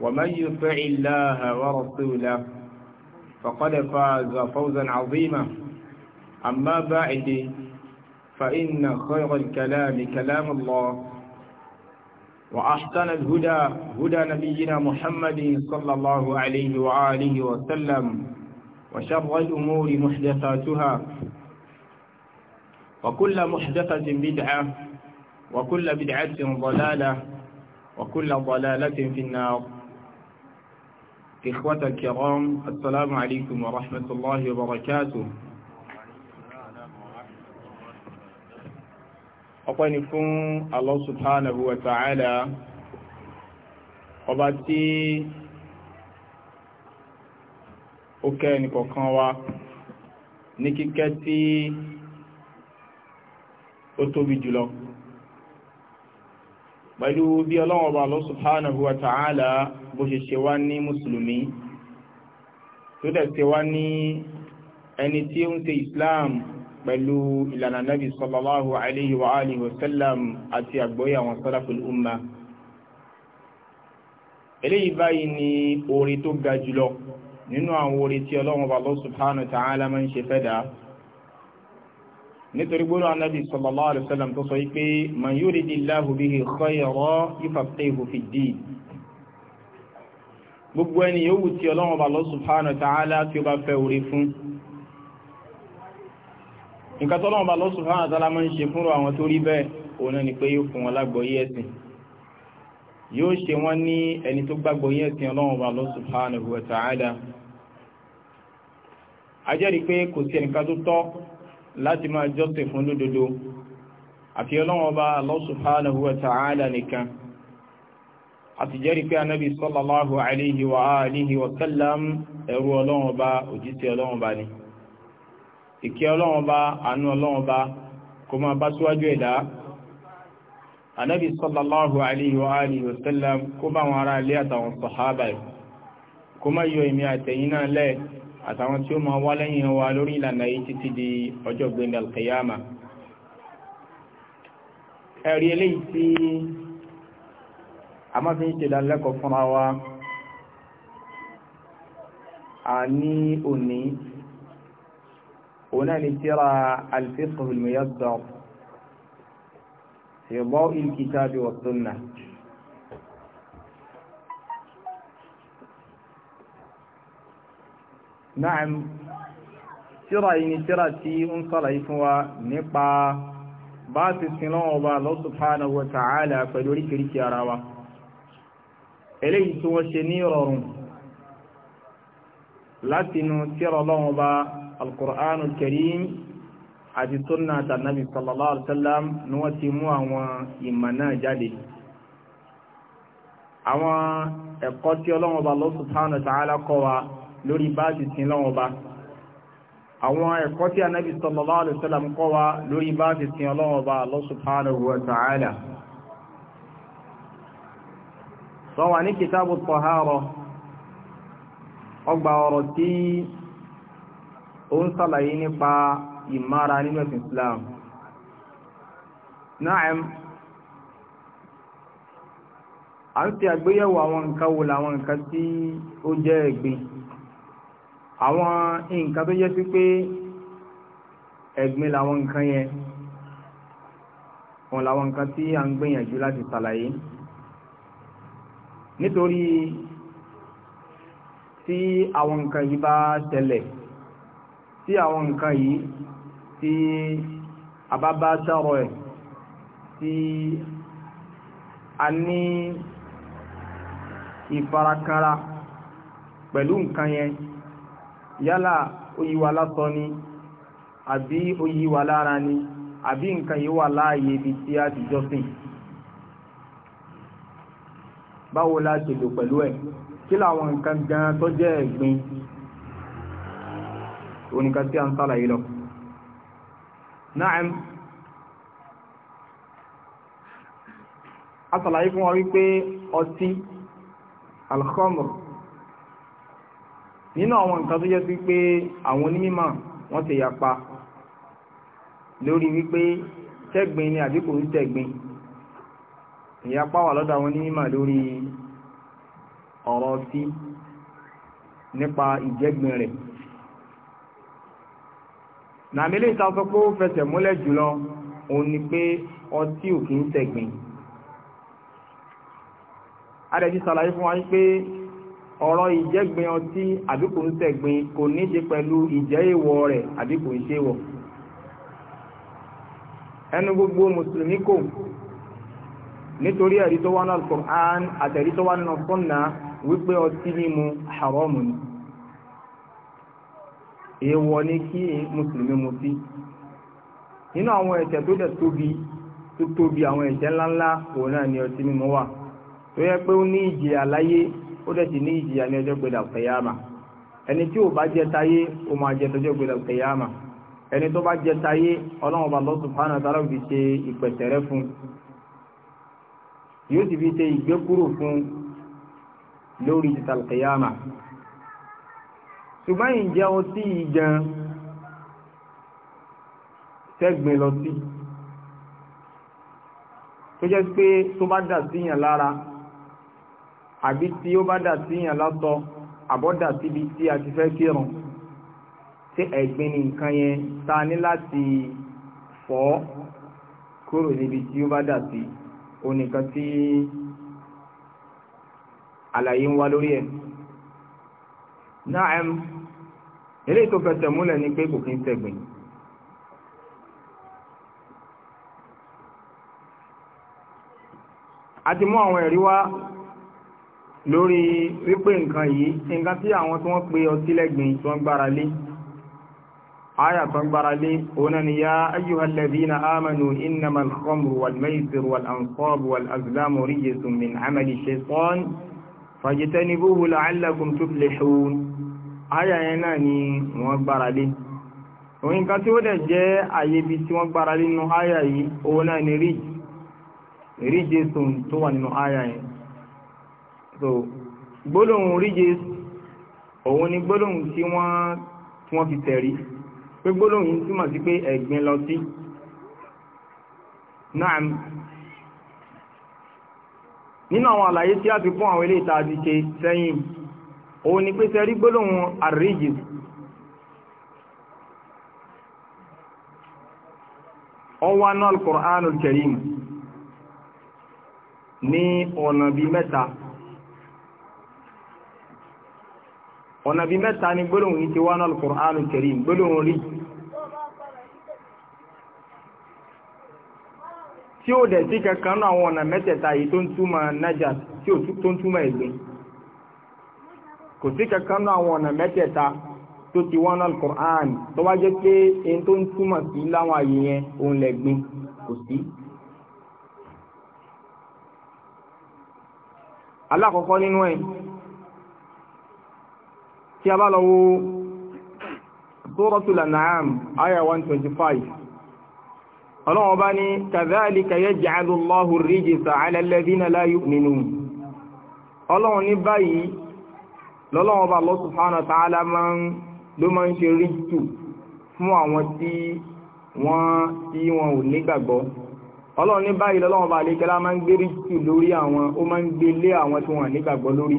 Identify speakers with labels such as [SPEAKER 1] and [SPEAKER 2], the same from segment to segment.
[SPEAKER 1] ومن يطع الله ورسوله فقد فاز فوزا عظيما أما بعد فإن خير الكلام كلام الله وأحسن الهدى هدى نبينا محمد صلى الله عليه وآله وسلم وشر الأمور محدثاتها وكل محدثة بدعة وكل بدعة ضلالة وكل ضلالة في النار إخوة الكرام السلام عليكم ورحمة الله وبركاته ọpẹ́ni fún Allah subhanahu wa ta'ala ọba tí ó kẹ́ ẹnìkọ̀kan wa ní kíkẹ́ tí ó tóbi jùlọ pẹ̀lú bí ọlọ́wọ́n bá Allah subhanahu wa ta'ala bó ṣe ṣe wá ní mùsùlùmí tó dẹ̀ ṣe wá ní ẹni tí ó ń ṣe islam pẹ̀lú ìlànà nabi sallallahu alayhi wa alihi wa sallam àti àgbọ́yé àwọn salaful umma eléyìí báyìí ni oore tó ga jùlọ nínú àwọn oore tí ọlọ́wọ́n bá Allah subhanahu wa máa ń ṣe fẹ́ nítorí gbọ́nà anábì sallallahu alaihi wasallam tó sọ wípé man yuridillahu bihi khayran yufaqqihu fid-din gbogbo ẹni yòówù tí ọlọ́run bá lọ subhanahu wa ta'ala tí ó bá fẹ́ orí fún nǹkan tọ́lọ́run bá lọ subhanahu wa ta'ala máa ń ṣe fúnra àwọn tó rí bẹ́ẹ̀ òun náà ni pé yóò fún wọn lágbọ́yé ẹ̀sìn yóò ṣe wọ́n ní ẹni tó gbàgbọ́yé ẹ̀sìn ọlọ́run bá lọ subhanahu wa ta'ala ajẹ́rìí pé kò sí ẹnìkan tó tọ́ láti máa jọ́sìn fún lódodo àti ọlọ́wọ́n bá Allah subhanahu wa ta'ala nìkan àti jẹ́rì pé anábì sallallahu alayhi wa alihi wa sallam ẹrú ọlọ́wọ́n bá òjíṣẹ́ ọlọ́wọ́n bá ni ìkẹ́ ọlọ́wọ́n bá àánú ọlọ́wọ́n bá kó máa bá síwájú ẹ̀dá anábì àtàwọn tí ó máa wá lẹ́yìn wa lórí ìlànà yìí títí di ọjọ́ gbẹ̀ndà kìyàmà ẹ̀rí eléyìí tí a máa fi ń ṣe ìdánilẹ́kọ̀ọ́ fúnra wa a ní òní òun ni tíra al-fiqh al-muyassar fi daw'i al-kitab sunnah Naam tíra yìí ni tíra tí ń sọ́rọ̀ yìí fún wa nípa bá ti sin lọ́wọ́ ọba Allah subhanahu wa ta'ala pẹ̀lú oríkìríkì ara wa eléyìí tí wọ́n ṣe ní rọrùn látinú tíra lọ́wọ́ ọba alkùránù karim àti sunna tànàbí sallallahu alaihi wasallam lórí bá ti sin lọ́wọ́ bá àwọn ẹ̀kọ́ tí anábì sallallahu alaihi wasallam kọ́ wa lórí bá ti sin ọlọ́wọ́ bá Allah subhanahu wa ta'ala sọ wà ní kìtàbù tọ̀hárọ̀ ọgbà ọ̀rọ̀ tí ó a ń ti àgbéyẹ̀wò àwọn nǹkan wo làwọn nǹkan tí ó jẹ́ ẹ̀gbin àwọn nǹkan tó yẹ sí pé ẹ̀gbin làwọn nǹkan yẹn wọn làwọn nǹkan tí a ń gbìyànjú láti ṣàlàyé nítorí tí àwọn nǹkan yìí bá ṣẹlẹ̀ tí àwọn nǹkan yìí tí a bá ẹ̀ tí a ní ìfarakanra pẹ̀lú nǹkan yẹn yálà oyíwa lásán ni àbí oyíwa lára ni àbí nǹkan yìí wà láàyè ibi tí a ti jọ́sìn báwo la ṣe lò pẹ̀lú ẹ̀ kí làwọn nǹkan gan tó jẹ́ ẹ̀gbin oníkan tí a ń sálàyé lọ Naam asàlàyé fún wa wípé ọtí alkhamr nínú àwọn nǹkan tó jẹ́ sí pé àwọn onímọ̀ wọ́n ti yapa lórí wípé tẹ́gbin ni àbí kò rí tẹ́gbin ìyapa wà lọ́dọ̀ àwọn onímọ̀ lórí ọ̀rọ̀ sí nípa ìjẹ́gbin rẹ̀ nàmílẹ̀ ìtasọ pé ó fẹsẹ̀ múlẹ̀ jùlọ òun ni pé ọtí ò kì í tẹ̀gbìn adẹ̀jí sàlàyé fún wa pé ọ̀rọ̀ ìjẹ́gbin ọtí àbí kò ń tẹ̀gbin kò ní ṣe pẹ̀lú ìjẹ́ èèwọ̀ rẹ̀ àbí kò ń ṣe wọ̀ ẹnu gbogbo mùsùlùmí kò nítorí ẹ̀rí tó wá náà Al-Qur'an àtẹ̀rí tó wá nínú Sunna wípé ọtí mímu haramu ni èèwọ̀ ni kí mùsùlùmí mutí nínú àwọn ẹ̀ṣẹ̀ tó dẹ̀ tóbi tó tóbi àwọn ẹ̀ṣẹ̀ ńláńlá òun náà ni ọtí mímu wà tó yẹ pé ó ní ìjìyà láyé ó dẹ̀ sì ní ìjìyà ní ọjọ́ gbẹ̀dà kẹyàmà ẹni tí ò bá jẹ táyé ó máa jẹ tọjọ́ gbẹ̀dà kẹyàmà ẹni tó bá jẹ táyé ọlọ́run bá Allah subhanahu wa ta'ala fi ṣe ìpẹ̀tẹ̀rẹ́ fún yóò sì fi ṣe ìgbékúrò fún lórí títàl kẹyàmà ṣùgbọ́n ìjẹ́ ọtí ìjẹun tẹ́gbìn lọ sí tó jẹ́ pé tó bá dà síyàn lára àbí tí ó bá dà sí yàn látọ̀ àbọ́dà síbi tí a ti fẹ́ kírun tí ẹ̀gbin ni nǹkan yẹn ta ní láti fọ́ kúrò níbi tí ó bá dà sí onìkan tí àlàyé ń wá lórí ẹ̀ náà ẹm eléyìí tó fẹsẹ̀ múlẹ̀ ni pé kò kí ń ṣẹ̀gbin a ti mú àwọn ẹ̀rí wá lórí wípé nǹkan yìí nǹkan tí àwọn tí wọ́n pe ọtí lẹ́gbìn tí wọ́n gbára lé aya tó ń gbára lé ọ̀nà ni ya ayyuhalladhina amanu innamal khamru wal maisiru wal ansabu wal azlamu rijsun min amali shaytan fajtanibuhu la'allakum tuflihun aya yẹn náà ni wọ́n gbára lé nǹkan tí ó dẹ̀ jẹ́ àyè ibi tí wọ́n gbára lé nínú aya yìí ọ̀nà ni ríjì tó wà nínú aya yẹn so gbólóhùn ríje òun ni gbólóhùn tí wọ́n fi tẹ̀rí pé gbólóhùn yìí túmọ̀ sí pé ẹ̀gbin lọ sí náà nínú àwọn àlàyé tí a ti fún àwọn ilé ìtaàdì ṣe sẹ́yìn òun ni pé sẹ́rí gbólóhùn àríjì ọwá náà al-Qur'anul Karim ní ọ̀nà bíi mẹ́ta ọ̀nà bí mẹ́ta ni gbólóhùn yìí ti wá náà Al-Qur'an Karim gbólóhùn rí tí ó dẹ̀ sí kankan náà àwọn ọ̀nà mẹ́tẹ̀ẹ̀ta yìí tó ń túmọ̀ nájà tí ó tó ń túmọ̀ ẹ̀gbìn kò sí kankan náà àwọn ọ̀nà mẹ́tẹ̀ẹ̀ta tó ti wá náà Al-Qur'an tó wá jẹ́ pé ẹni tó ń túmọ̀ sí láwọn àyè yẹn òun lẹ̀gbìn kò sí. alákọ̀ọ́kọ́ nínú ẹ̀ tí a bá lọ wo suratul an'am aya 125 ọlọ́wọ́ bá ní kadhalika yaj'alu Allahu ar-rijsa 'ala alladhina la yu'minun ọlọ́wọ́ ní báyìí lọ́lọ́wọ́ bá Allah subhanahu wa ta'ala ló máa ń ṣe ríjù fún àwọn tí wọ́n tí wọn ò nígbàgbọ́ ọlọ́wọ́ ní báyìí lọ́lọ́wọ́ bá lè kẹ́lá máa ń gbé ríjù lórí àwọn ó máa ń gbé lé àwọn tí wọ́n nígbàgbọ́ lórí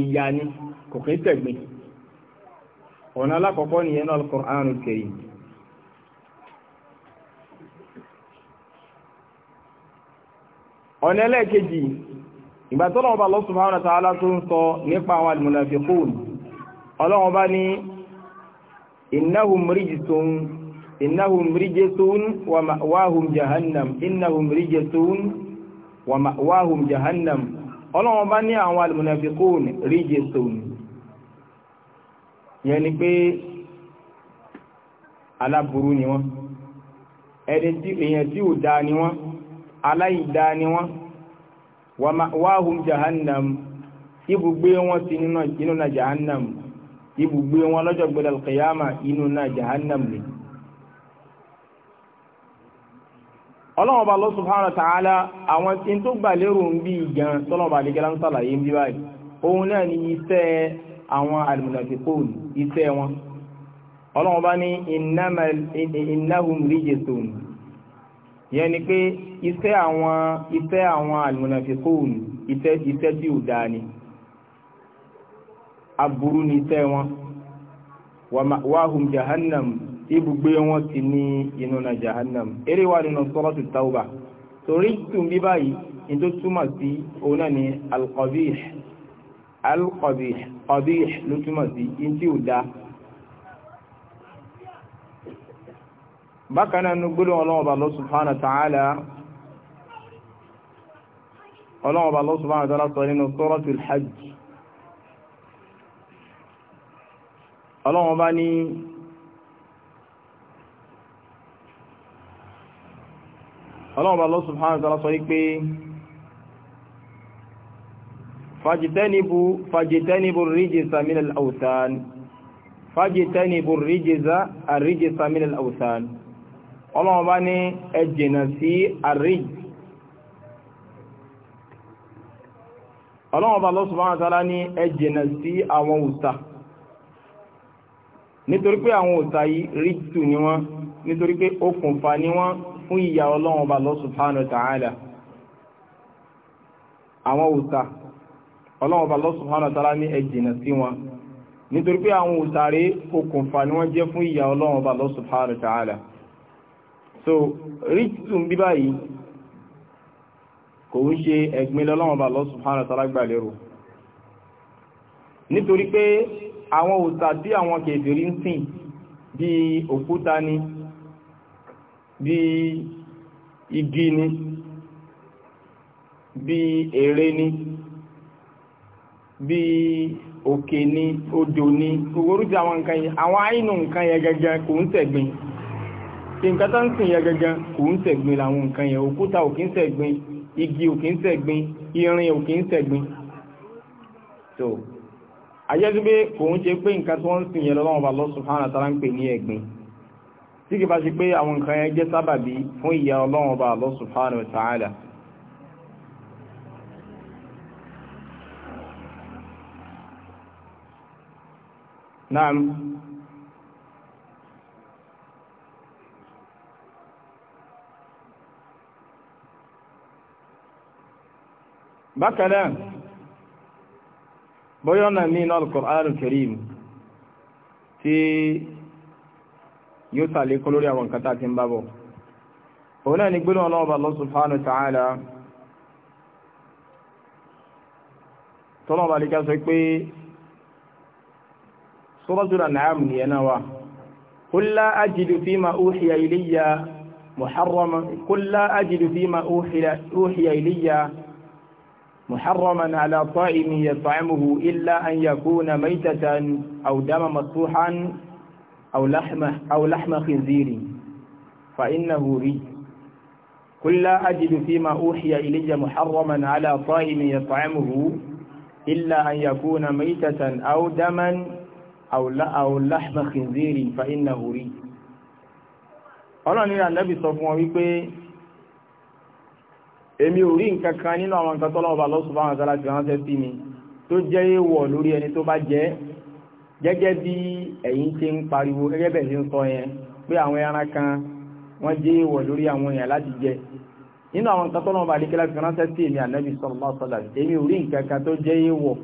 [SPEAKER 1] ìyà ni kò kí tẹ̀gbìn ọ̀nà alákọ̀ọ́kọ́ ni ẹnà Al-Qur'anul Karim ọ̀nà ẹlẹ́ẹ̀kejì ìgbà tó lọ́wọ́ bá Allah subhanahu wa ta'ala tó ń sọ nípa àwọn al-munafiqun ọlọ́wọ́ bá ní innahum rijsun innahum rijsun wa ma'wahum wa ma'wahum jahannam ọlọ́run bá ní àwọn almunafiqun rijsun yẹn ni pé aláburú ni wọ́n ẹni tí èèyàn tí ò dáa ni wọ́n aláìdáa ni wọ́n wàhùn jahannam ibùgbé wọn ti nínú na jahannam ibùgbé wọn lọ́jọ́ gbẹdàlùkìyàmà inú na jahannam nìyí. ọlọ́wọ́n bá Allah subhanahu wa ta'ala àwọn tí tó gbà lérò ń bí gan tọ́lọ́wọ́n bá lè gẹ́lá ń sàlàyé ń bí báyìí òun náà ni iṣẹ́ àwọn al-munafiqun iṣẹ́ wọn ọlọ́wọ́n bá ní innahum rijsun yẹn ni pé iṣẹ́ àwọn iṣẹ́ àwọn al-munafiqun iṣẹ́ tí ò dáa ni aburú ni iṣẹ́ wọn wa jahannam ibùgbé wọn ti ní inú na jahannam eré wà nínú suratu tawba torí tún bí báyìí ní tó túmọ̀ sí òun náà ni alqabih alqabih qabih ló túmọ̀ sí in tí ò dá bákan náà nu gbólóhùn lọ subhanahu ta'ala ọlọ́wọ́ lọ subhanahu ta'ala sọ nínú suratul hajj ọlọ́wọ́ bá ọlọ́ọ̀bà Allah subhanahu wa ta'ala sọ wípé fàjìtẹ́nibù fàjìtẹ́nibù ríjìsà minal awthan fàjìtẹ́nibù ríjìsà àríjìsà minal awthan ọlọ́ọ̀bá ní ẹ jìnà sí àríj ọlọ́ọ̀bà Allah subhanahu wa ta'ala ní ẹ jìnà sí àwọn òsà nítorí pé àwọn òsà yìí ríjìtù ni wọ́n nítorí pé okùnfà ni wọ́n fún ìyà ọlọ́run ọba Allah subhanahu wa ta'ala àwọn òòṣà ọlọ́run ọba Allah subhanahu wa ta'ala ní ẹ jìnnà sí wọn nítorí pé àwọn òòṣà rẹ̀ okùnfà ni wọ́n jẹ́ fún ìyà ọlọ́run ọba Allah subhanahu wa ta'ala so rítùn bí báyìí kò ń ṣe ẹ̀gbin lọ́lọ́run ọba Allah subhanahu wa ta'ala gbà lérò nítorí pé àwọn òòṣà tí àwọn kèfèrí ń sìn bíi òkúta ni bí igi ni bí eré ni bí òkè ni odò ni orúkọ àwọn nǹkan yẹn àwọn àìnù nǹkan yẹn gẹ́gẹ́ kò ń ṣẹ̀gbin tí nǹkan tó ń sìn yẹn gẹ́gẹ́ kò ń ṣẹ̀gbin làwọn nǹkan yẹn òkúta ò ń ṣẹ̀gbin igi ò kì ń ṣẹ̀gbin irin ò ń ṣẹ̀gbin so ayẹ́gbẹ́ kò ń ṣe pé nǹkan tó ń sìn yẹn lọ́wọ́ Allah subhanahu wa ta'ala ń pè ní ẹ̀gbin tí kì bá ṣe pé àwọn nǹkan yẹn jẹ́ sábàbí fún ìyà ọlọ́run ọba Allah subhanahu wa ta'ala naam bákanáà bóyọ́nà ní Al-Qur'an al tí yóò sàlékún lórí àwọn nǹkan tá a ti ń bá bọ̀ òun náà ni gbóná ọlọ́ọ̀bà Allah subhanahu wa ta'ala tọ́lọ́ọ̀bà lè ká sọ pé suratul An'am ni ẹ̀ náà wà qul la ajidu fima uhiya ilayya muharraman qul la ajidu fima uhiya ilayya محرما على طائم يطعمه إلا أن يكون ميتة أو دم مصفوحا أو لحم, أو لحم خنزير فإنه ري قل لا أجد فيما أوحي إلي محرما على طائم يطعمه إلا أن يكون ميتة أو دما أو, أو لحم خنزير فإنه ري ọlọ́run ní ànábì sọ fún wọn wípé èmi ò rí nǹkan kan nínú àwọn nǹkan tọ́lọ́wọ́ bá lọ́sùn fáwọn àtàlà ti ránṣẹ́ sí mi tó jẹ́ èèwọ̀ lórí ẹni tó bá jẹ́ gẹ́gẹ́ bí ẹ̀yin ti ń pariwo gẹ́gẹ́ bẹ̀ ṣe ń sọ yẹn pé àwọn ẹran kan wọ́n jẹ́ ìwọ̀ lórí àwọn èèyàn láti jẹ nínú àwọn nǹkan tọ́lọ́ bá dékẹ́lá fi ránṣẹ́ sí èmi ànábì sallallahu alaihi wasallam èmi ò rí nǹkan kan tó jẹ́ ìwọ̀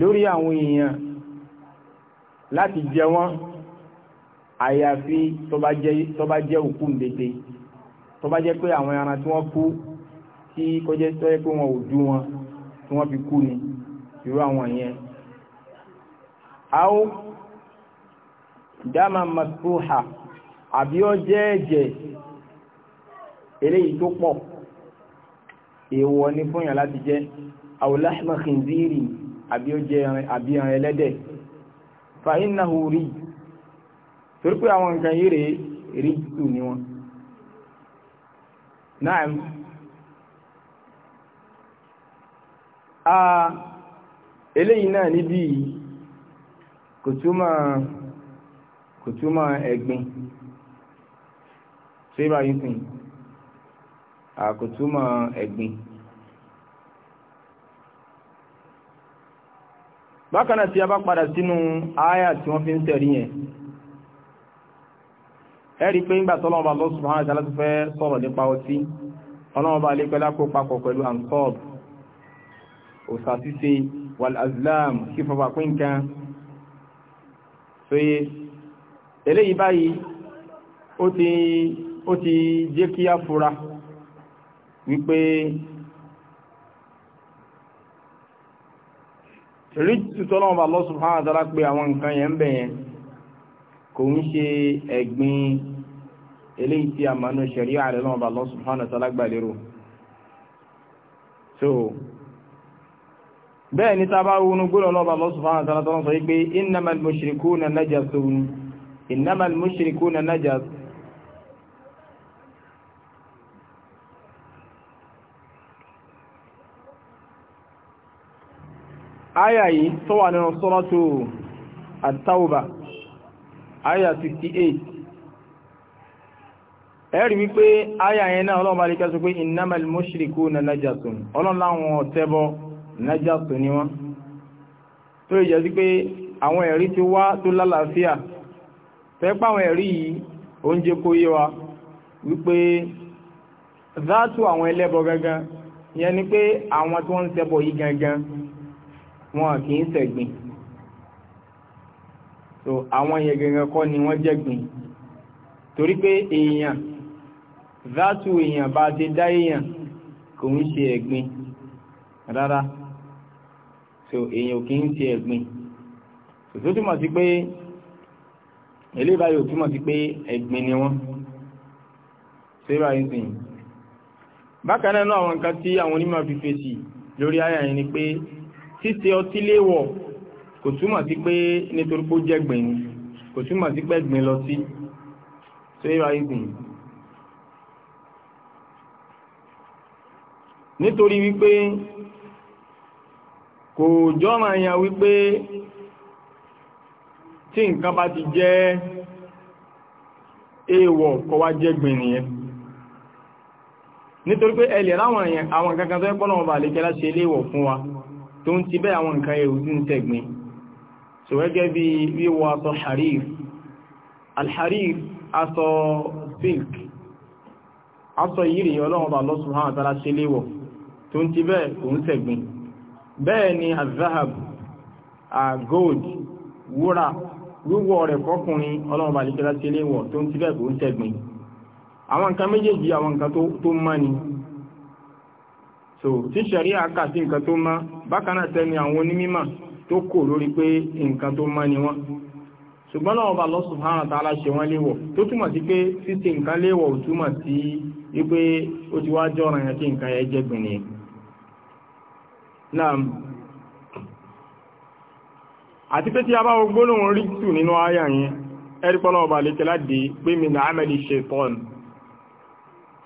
[SPEAKER 1] lórí àwọn èèyàn láti jẹ wọ́n àyàfi tó bá jẹ́ òkú mbete tó bá jẹ́ pé àwọn ẹran tí wọ́n kú tí kọjẹ́ tó pé wọn ò dú wọn tí wọ́n fi kú ni irú àwọn yẹn àó dáàmà masbuha àbí ó jẹ́ ẹ̀jẹ̀ eléyìí tó pọ̀ èèwọ̀ ni fún yàn láti jẹ aw lahma khinziri àbí ó jẹ́ àbí ẹran ẹlẹ́dẹ̀ fa innahu rí torí pé àwọn nǹkan yìí rèé rí tù ní wọn náà kò túmọ̀ kò túmọ̀ ẹ̀gbin tí ó bá yín sìn kò túmọ̀ ẹ̀gbin. bákan náà tí a bá padà sínú àyà tí wọ́n fi ń tẹ̀rí yẹn ẹ̀rí pé ńgbà tọ́lọ́ ọba Allah subhanahu wa ta'ala tó fẹ́ sọ̀rọ̀ nípa ọtí ọlọ́wọ́ bá lépe lápò papọ̀ pẹ̀lú ansọ́ọ̀bù òsàtúnṣe wàl azlam kí fọwọ́ pín kan soye eléyìí báyìí ó ti ó ti jẹ́ kí á fura wípé rí tutọ́lọ́wọ́ bá lọ́sùn fún àdára pé àwọn nǹkan yẹn ń bẹ̀ yẹn kò ń ṣe ẹ̀gbin eléyìí tí a mọ̀ ní ṣẹ̀ríà àrẹ́lọ́wọ́ bá lọ́sùn fún gbà lérò bẹ́ẹ̀ ni tàbá wọn gbọ́nà lọ́bà lọ́sùfàán àtàràtàrà sọ wípé innamal mushrikuna najasun innamal mushrikuna najas aya yìí tó wà nínú suratu at-tauba aya 68 ẹ̀rí wípé aya yẹn náà ọlọ́mà lè kẹ́sọ pé innamal mushrikuna najasun ọlọ́láwọn ọ̀tẹ́bọ́ nájàtù ni wọ́n tó ìjẹ́ sí pé àwọn ẹ̀rí ti wá tó lálàáfíà tẹ́pá àwọn ẹ̀rí yìí oúnjẹ kó yé wa wípé záàtù àwọn ẹlẹ́bọ gangan yẹn ni pé àwọn tí wọ́n ń ṣẹbọ yìí gangan wọn kì í ṣẹ̀gbìn so àwọn yẹn gangan kọ́ ni wọ́n jẹ́gbìn torí pé èèyàn záàtù èèyàn bá ti dá èèyàn kò ń ṣe ẹ̀gbin rárá so èyàn kì í ti ẹ̀gbin tó túmọ̀ sí pé eléyìí ò túmọ̀ sí pé ẹ̀gbin ni wọ́n sẹ́rà ìsìn bákan náà àwọn nǹkan tí àwọn onímọ̀ fi fèsì lórí àyà yẹn ni pé ṣíṣe ọtí léèwọ̀ kò túmọ̀ sí pé nítorí pé ó jẹ́gbin ni kò túmọ̀ sí pé ẹ̀gbin lọ sí sẹ́rà ìsìn nítorí wípé kò jọ́mà ya wípé tí nǹkan bá ti jẹ́ èèwọ̀ kọ wá jẹ́ gbìnrin yẹn nítorí pé ẹlẹ̀ láwọn èèyàn àwọn kankan tó ẹ́pọ́nà ọba àlékẹ́lá ṣe léèwọ̀ fún wa tó ń ti bẹ́ àwọn nǹkan èrò tí ń tẹ̀gbìn so gẹ́gẹ́ bí wíwọ aṣọ harif alharif aṣọ silk aṣọ yìí rí ọlọ́run ọba lọ́sùn hàn àtàrà ṣe léèwọ̀ tó ń ti bẹ́ òun tẹ̀gbìn bẹ́ẹ̀ ni azahab gold wura wíwọ̀ rẹ̀ fọ́kùnrin ọlọ́ọ̀bà àdíkẹ́lá tí lè wọ̀ tó ń ti bẹ́ẹ̀ ń tẹ̀gbìn àwọn nǹkan méjèèjì àwọn nǹkan ni so tí ṣẹ̀rí àkà sí nǹkan tó mọ́ bákan tẹ́ni àwọn onímímà tó kò lórí pé nǹkan tó ni wọ́n ṣùgbọ́n ọba wa ta'ala ṣe wọ́n léwọ̀ náà àti pé tí a bá gbólóhùn rí tù nínú ayà yẹn ẹ̀rípọ́lọ́ ọba lè tẹ́lá dé pé mi na amẹ́lì ṣe tọ́n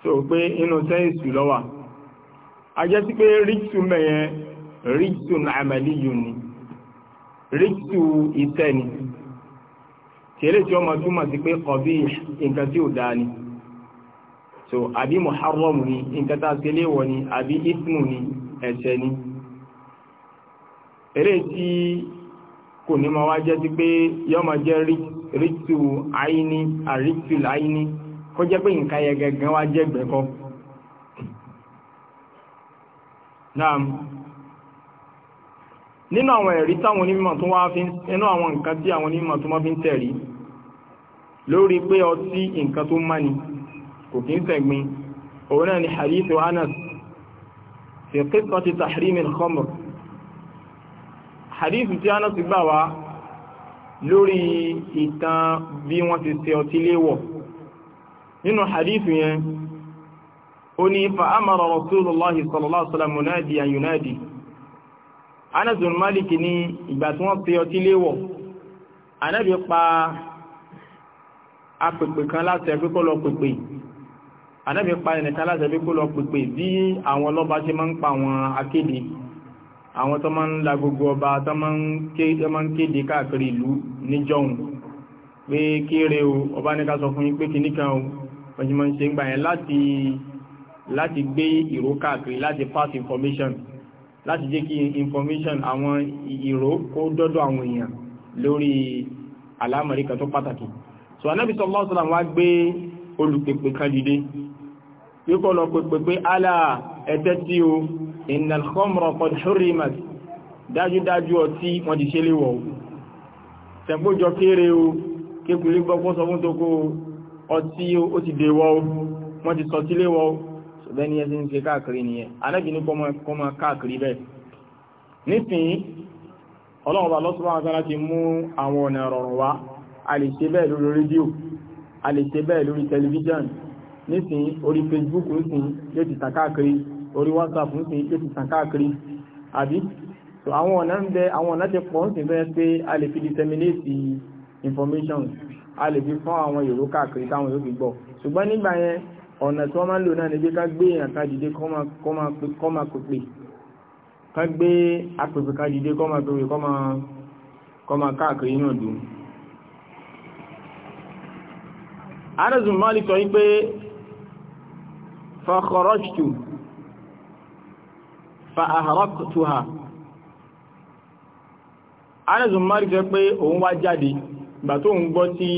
[SPEAKER 1] so pé inú sẹ́yìnsù lọ́wà a jẹ́ sí pé rí tù mẹ́yẹn rí tù na amẹ́lì yìí ni rí tù iṣẹ́ ni kéré tí ó ma túmọ̀ sí pé kọ̀bí nǹkan tí ò dáa ni so àbí muharram ni nǹkan tá a ṣe léwọ̀ ni àbí ismu ni ẹ̀ṣẹ̀ ni eré tí kò ní ma wá jẹ́ sí pé yọ́ ma jẹ́ ríktù àìní àríktù láìní kó jẹ́ pé nǹkan yẹ gẹ̀gẹ́ wá jẹ́ gbẹ̀kọ́ nínú àwọn ẹ̀rí táwọn onímọ̀ tó wá fi nínú àwọn nǹkan tí àwọn onímọ̀ tó máa fi ń tẹ̀rí lórí pé ọtí nǹkan tó má ní kò kí ń tẹ̀gbin òun náà ni hadithu anas fi qissati tahrimil khamr hadith tí Anas gbà wá lórí ìtàn bí wọ́n ti ṣe ọtí léwọ̀ nínú hadith yẹn ó fa amara Rasulullah sallallahu alaihi wasallam munadi an yunadi Anas bin Malik ní ìgbà tí wọ́n ṣe ọtí léwọ̀ Ànábì pa apèpè kan láti ẹgbẹ́ kó lọ pèpè Ànábì pa ẹnìkan láti ẹgbẹ́ kó lọ pèpè bí àwọn ọlọ́ba ṣe máa ń pa àwọn akéde àwọn tó máa ń la gbogbo ọba tó máa ń kéde káàkiri ìlú níjọun pé kéré o ọba ní ká sọ fún yín pé kìníkan o ọjọ́ máa ń ṣe ń gbà láti gbé ìró káàkiri láti pass information láti jẹ́ kí information àwọn ìró kó dọ́dọ̀ àwọn èèyàn lórí àlámọ̀rí kan tó pàtàkì so anábi sallallahu alaihi wasallam wá gbé olùpèpè kan dìde yóò kọ́ lọ pèpè pé alá ẹ̀tẹ́ tí o inna al-khamra qad hurrimat dájúdájú ọtí wọ́n ti ṣe léwọ̀ tẹ̀gbójọ kéré o kékulé gbọ́gbọ́ sọ fún tó kó ọtí ó ti dèwọ́ wọ́n ti sọ tí léwọ́ ṣùgbẹ́ ni ẹsẹ̀ ń ṣe káàkiri nìyẹn anábì ní kọ́mọ káàkiri bẹ́ẹ̀ nísìnyí ọlọ́run bá lọ́sọ́bà wọn sára ti mú àwọn ọ̀nà rọrùn wá a lè ṣe bẹ́ẹ̀ lórí rédíò a lè ṣe bẹ́ẹ̀ lórí tẹlifíṣàn nísìnyí orí Facebook nísìnyí yóò ti ta káàkiri orí whatsapp ń sìn ìpèsè tàn káàkiri àbí so àwọn ọ̀nà ń bẹ àwọn ọ̀nà ti pọ̀ ń bẹ́ẹ̀ pé a lè fi disseminate information a lè fi fún àwọn èrò káàkiri táwọn yóò fi gbọ́ ṣùgbọ́n nígbà yẹn ọ̀nà tí wọ́n máa ń lò náà ni pé ká gbé èèyàn ká dìde kọ́ máa pèpè ká gbé apèpè ká dìde kọ́ máa pèpè kọ́ káàkiri náà dùn Anas bin Malik sọ wípé fa aharaktuha anẹ́sùn mari jẹ́ pé òun wá jáde ìgbà tó ń gbọ́ tí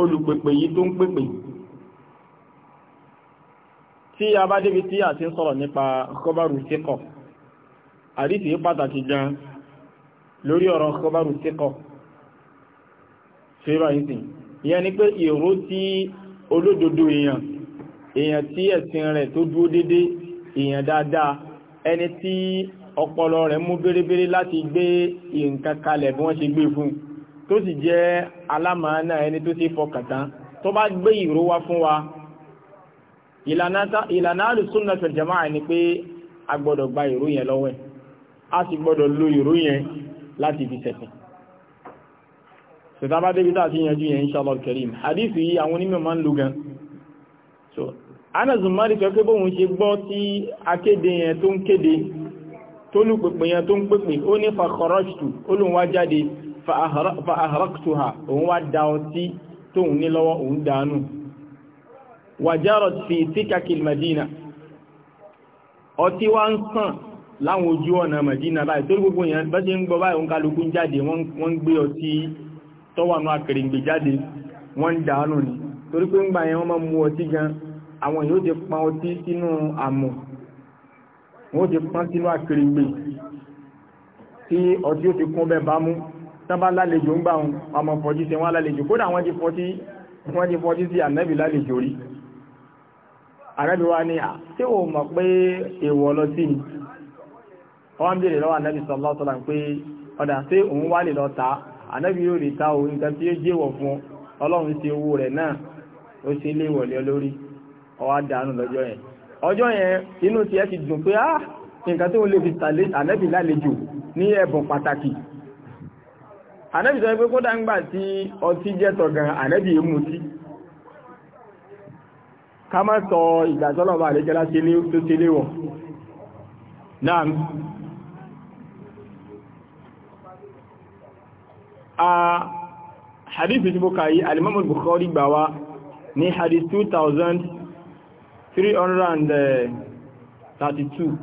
[SPEAKER 1] olùpèpè yìí tó ń pèpè tí a bá débi tí a ti ń sọ̀rọ̀ nípa kọbárù síkọ̀ àdísì pàtàkì gan lórí ọ̀rọ̀ kọbárù síkọ̀ ṣe báyìí ìyẹn ni pé ìró tí olódodo èèyàn èèyàn tí ẹ̀sìn rẹ̀ tó dúó dédé èèyàn dáadáa ẹni tí ọpọlọ rẹ̀ mú bérebére láti gbé nǹkan kalẹ̀ bí wọ́n ṣe gbé fún tó sì jẹ́ alámàánà ẹni tó sì fọkàntán tó bá gbé ìró wá fún wa ìlànà àlùsùnà fil ni pé a gbọ́dọ̀ gba ìró yẹn lọ́wọ́ ẹ̀ a sì gbọ́dọ̀ lo ìró yẹn láti fi ṣẹ̀sìn sọ̀tàbádébítà sí yanjú yẹn inshallah karim hadith àwọn onímọ̀ máa ń lo gan anazumari sọ pé bóhun ṣe gbọ́ tí akéde yẹn tó ń kéde tó lù pèpè yẹn tó ń pèpè ó ní fa kharajtu ó lóun wá jáde fa ahraktuha òun wá da ọtí tóun ní lọ́wọ́ òun dànù wajarat fi síkàkì madina ọtí wá ń sàn láwọn ojú ọ̀nà madina báyìí tó gbogbo yẹn bá ṣe ń gbọ́ báyìí òun kálukú jáde wọ́n gbé ọtí tọ́wọ́nù akèrègbè jáde wọ́n ń ni torí pé ń gbà yẹn wọ́n máa mú ọtí gan-an àwọn yóò ti pọn ọtí sínú àmọ̀ wọ́n ti pọn sínú àkèrègbè tí ọtí ó ti kún bẹ́ bá mú tánbá lálejò ń gbà wọn ọmọ fọ́jí sí wọ́n lálejò kódà wọ́n ti fọ́jí sí ànẹ́bì lálejò rí àrẹ́bì wá ní tí ó mọ̀ pé èèwọ̀ lọ sí ni wọ́n bèèrè lọ́wọ́ ànẹ́bì sọ́lọ́sọ́lá pé ọ̀dà sí òun wá lè lọ ta ànẹ́bì yóò lè ta òun nǹkan tí ó jẹ́wọ̀ fún ọlọ́run sí owó rẹ̀ náà ó sì léwọ̀ lé lórí ọwá dànù lọ́jọ́ yẹn ọjọ́ yẹn inú ti ẹ́ ti dùn pé á ah, nǹkan tí ó lè fi tàlé ànẹ́bì lálejò ní ẹ̀bùn pàtàkì ànẹ́bì sọ pé kódà ńgbà tí ọtí jẹ́ tọ̀gàn ànẹ́bì èmú sí ká má sọ ìgbà tọ́lọ́ba àlejọ́lá tó ṣe léwọ̀ náà a hadith tí mo kà yí alimamul Bukhari gbà wá ní hadith 2000 332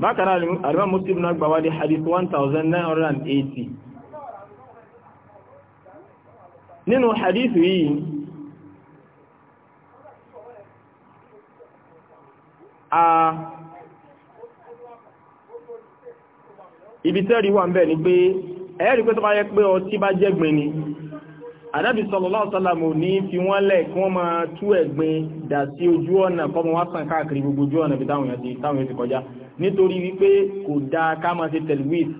[SPEAKER 1] bákanáà àríwá muslim náà gbà wá di hadith 1980 nínú hadith yìí a ibi tẹ́rì wà ń bẹ̀ ni pé ẹ̀ẹ́rì pé tó bá yẹ pé ọtí bá jẹ́gbìn ni ànábì sallallahu alaihi wasallam ò ní fi wọ́n lẹ̀ kí wọ́n máa tú ẹ̀gbin dà sí ojú ọ̀nà kọ́mọ wá sàn káàkiri gbogbo ojú ọ̀nà bí táwọn èèyàn ti kọjá nítorí wípé kò dáa ká máa ṣe tẹ̀lwìt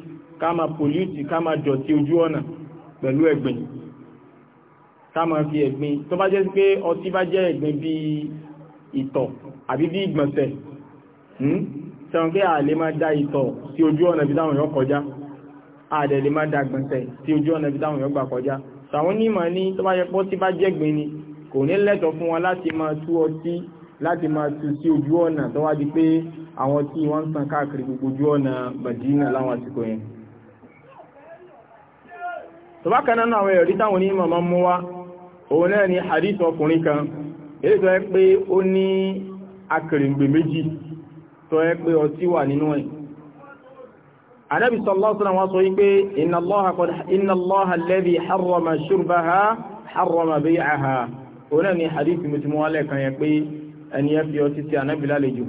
[SPEAKER 1] ká máa pòlìtì ká máa dọ̀tí ojú ọ̀nà pẹ̀lú ẹ̀gbin ká máa fi ẹ̀gbin tó bá jẹ́ pé ọtí bá jẹ́ ẹ̀gbin bí ìtọ̀ àbí bí ìgbọ̀nsẹ̀ sẹ́wọ̀n hmm? pé àlè máa dá ìtọ̀ sí ojú ọ̀nà bí táwọn èèyàn kọjá àdẹ̀ máa dá ìgbọ̀nsẹ̀ sí ojú ọ̀nà bí táwọn èèyàn gbà kọjá tàwọn onímọ̀ ní tó bá yẹ pọ́ tí bá jẹ́gbin ni kò ní lẹ́tọ̀ọ́ fún wọn láti máa tú ọtí láti máa tú sí ojú ọ̀nà tó wá di pé àwọn tí wọ́n ń tàn káàkiri gbogbo ojú ọ̀nà Madina láwọn àsìkò yẹn tó bá kan náà àwọn ẹ̀rí táwọn onímọ̀ máa mú wá òun náà ni hadith ọkùnrin kan èyí tó yẹ pé ó ní akèrèǹgbè méjì tó yẹ pé ọtí wà nínú ẹ̀ anábì sallallahu alaihi wasallam sọ wípé inna Allaha alladhi harrama shurbaha harrama bay'aha òun náà ni hadith mi ti mú wálẹ̀ kan yẹn pé ẹni yẹn fi ọtí sí anábì lálejò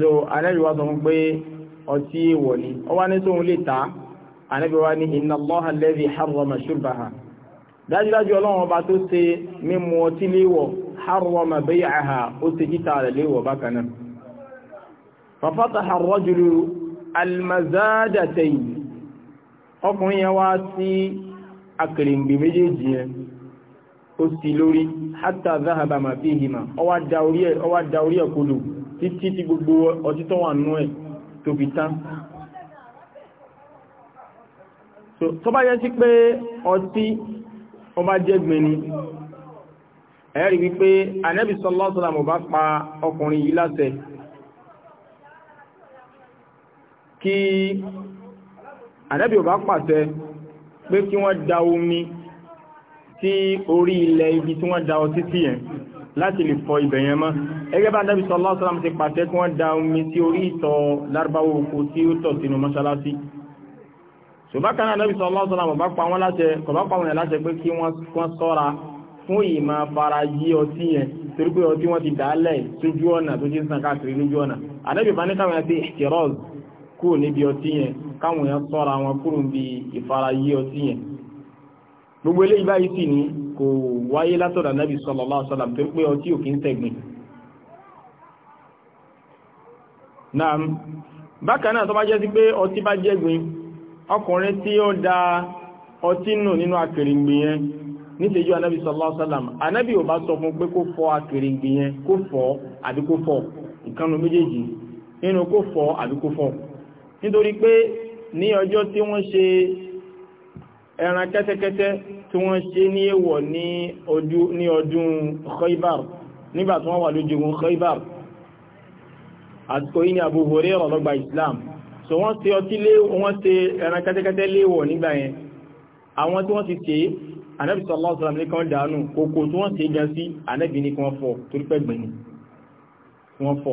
[SPEAKER 1] so anábì wá sọ fún pé ọtí èèwọ̀ ni ó wá ní tóun lè ta anábì wá ní inna Allaha alladhi harrama shurbaha dájúdájú ọlọ́run ọba tó ṣe mímu ọtí léwọ̀ harrama bay'aha ó ṣe títà rẹ̀ léwọ̀ bákan náà fa fataha ar-rajulu almazadatayi ọkùnrin yẹn wá sí akèrèǹgbè méjèèjì yẹn ó sì lórí hátà záhàbà mà fi hìmà ọwá da orí ẹ̀ kodò títí tí gbogbo ọtí tó wà nú ẹ̀ tó fi tán tó bá yẹ sí pé ọtí ọba jẹ́gbẹ̀ ni ẹ̀rí wípé anẹ́bìsọ́lọ́sọ́lá mọ̀ bá pa ọkùnrin yìí láṣẹ kí ànábì ò bá pàṣẹ pé kí wọ́n da omi sí orí ilẹ̀ ibi tí wọ́n da ọtí sí yẹn láti lè fọ ibẹ̀ yẹn mọ́ ẹgbẹ́ bá ànábì sallallahu alaihi wasallam ti pàṣẹ kí wọ́n da omi sí orí ìtọ̀ lárúbáwò oko tí ó tọ̀ sínú mọ́ṣáláṣí ṣùgbọ́n ànábì sallallahu alaihi wasallam bá pa wọ́n láṣẹ kò bá pa wọ́n yẹn láṣẹ pé kí wọ́n sọ́ra fún ìmọ̀ fara yí ọtí yẹn torí pé ọtí wọ́n ti dálẹ̀ sójú ọ̀nà tó ti ń sàn káàkiri lójú ọ̀nà ànábì bá ní káwọn yẹn ti kúrò níbi ọtí yẹn káwọn èèyàn sọ́ra wọn kúrò níbi ìfarayé ọtí yẹn gbogbo eléyìí báyìí sì ni kò wáyé látọ̀dọ̀ Ànábì sallallahu alaihi wasallam tó pé ọtí ò kí ń tẹ̀gbìn náà bákan náà tó bá jẹ́ sí pé ọtí bá jẹ́gbìn ọkùnrin tí ó da ọtí nù nínú akèrègbè yẹn nítẹ̀jú Ànábì sallallahu alaihi wasallam Ànábì ò bá sọ fún pé kó fọ akèrègbè yẹn kó fọ àbí kó fọ ìkanu méjèèjì nínú kó fọ àbí kó fọ nítorí pé ní ọjọ́ tí wọ́n ṣe ẹran kẹ́tẹ́kẹ́tẹ́ tí wọ́n ṣe ní èwọ̀ ní ọdún Khaybar nígbà tí wọ́n wà lójú ogun Khaybar àtìkò yìí ni Abu Hurairah ló Islam so wọ́n ṣe ọtí lé wọ́n ṣe ẹran kẹ́tẹ́kẹ́tẹ́ léèwọ̀ nígbà yẹn àwọn tí wọ́n ti ṣe Ànábì sallallahu alaihi wasallam ní kan dànù kòkò tí wọ́n ṣe gan sí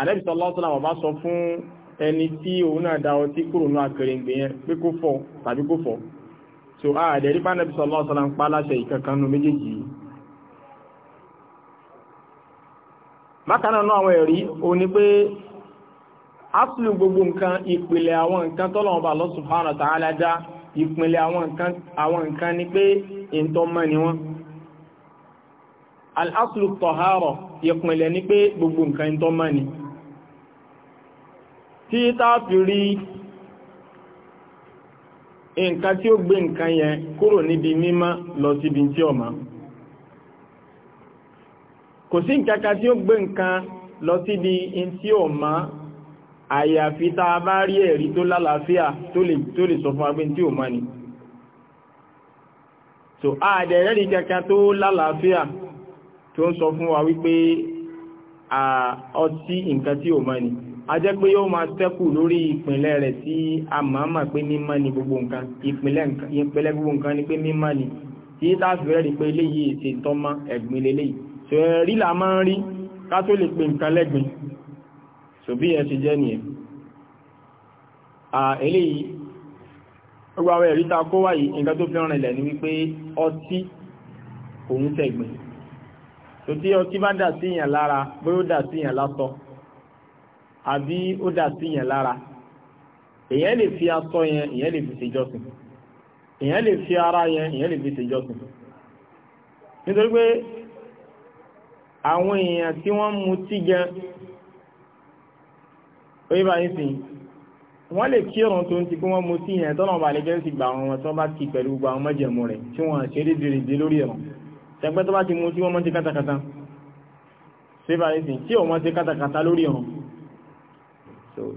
[SPEAKER 1] ànábì sallallahu alaihi wasallam bá sọ fún ẹni tí òun náà da ọtí kúrò ní akèrèǹgbè yẹn pé kó fọ tàbí kó fọ so a dẹ̀ rí bá ànábì sallallahu alaihi wasallam ń pa láṣẹ ìkankan nu méjèèjì yìí bákan náà àwọn ẹ̀rí òun ni pé áṣìlù gbogbo nǹkan ìpìlẹ̀ àwọn nǹkan tọ́lọ́wọ́n bá Allah subhanahu wa ta'ala dá ìpìlẹ̀ àwọn nǹkan ni pé ìntọ́mọ́ ni wọ́n al-aslu ìpìlẹ̀ ni pé gbogbo nǹkan ìntọ́mọ́ ni tí tàbí rí nǹkan tí ó gbé nǹkan yẹn kúrò níbi mímọ́ lọ síbi tí ọmọ kò sí nǹkankan tí ó gbé nǹkan lọ síbi tí ọmọ àyàfi tá a bá rí ẹ̀rí tó lálàáfíà tó lè sọ fún agbé tí ọmọ ni so àdẹ̀rẹ́ rí kankan tó lálàáfíà tó ń sọ fún wa wípé ọtí nǹkan tí ọmọ ni. So, a jẹ́ pé yóò máa tẹ́kù lórí ìpìnlẹ̀ rẹ̀ tí a máa mà pé mímọ́ ni gbogbo nǹkan ìpìnlẹ̀ gbogbo nǹkan ni pé mímọ́ ni tí láàfẹ́rẹ́ rí pé léyìí ṣe tọ́mọ́ ẹ̀gbìn lélẹ́yìí so rí là máa ń rí ká tó lè pe nǹkan lẹ́gbìn so àbí ó dà sí yẹn lára èyàn lè fi aṣọ yẹn èyàn lè fi ṣèjọsìn èyàn lè fi ara yẹn èyàn lè fi ṣèjọsìn nítorí pé àwọn èèyàn tí wọ́n mu tí gan oye bá yín sìn wọ́n lè kírun tó ń ti kó wọ́n mu tí yẹn tọ́nà balẹ̀ gẹ́gẹ́ ti gbà àwọn ọmọ tí wọ́n bá ti pẹ̀lú gbogbo àwọn mọ́jẹ̀mú rẹ̀ tí wọ́n ṣe é dèrèdè lórí ẹ̀rùn ṣẹgbẹ́ tó bá ti mu tí wọ́n mọ́ ti kátàkátà ṣe bá yín sìn tí òun mọ́ ti kátàkátà lórí ẹ̀rùn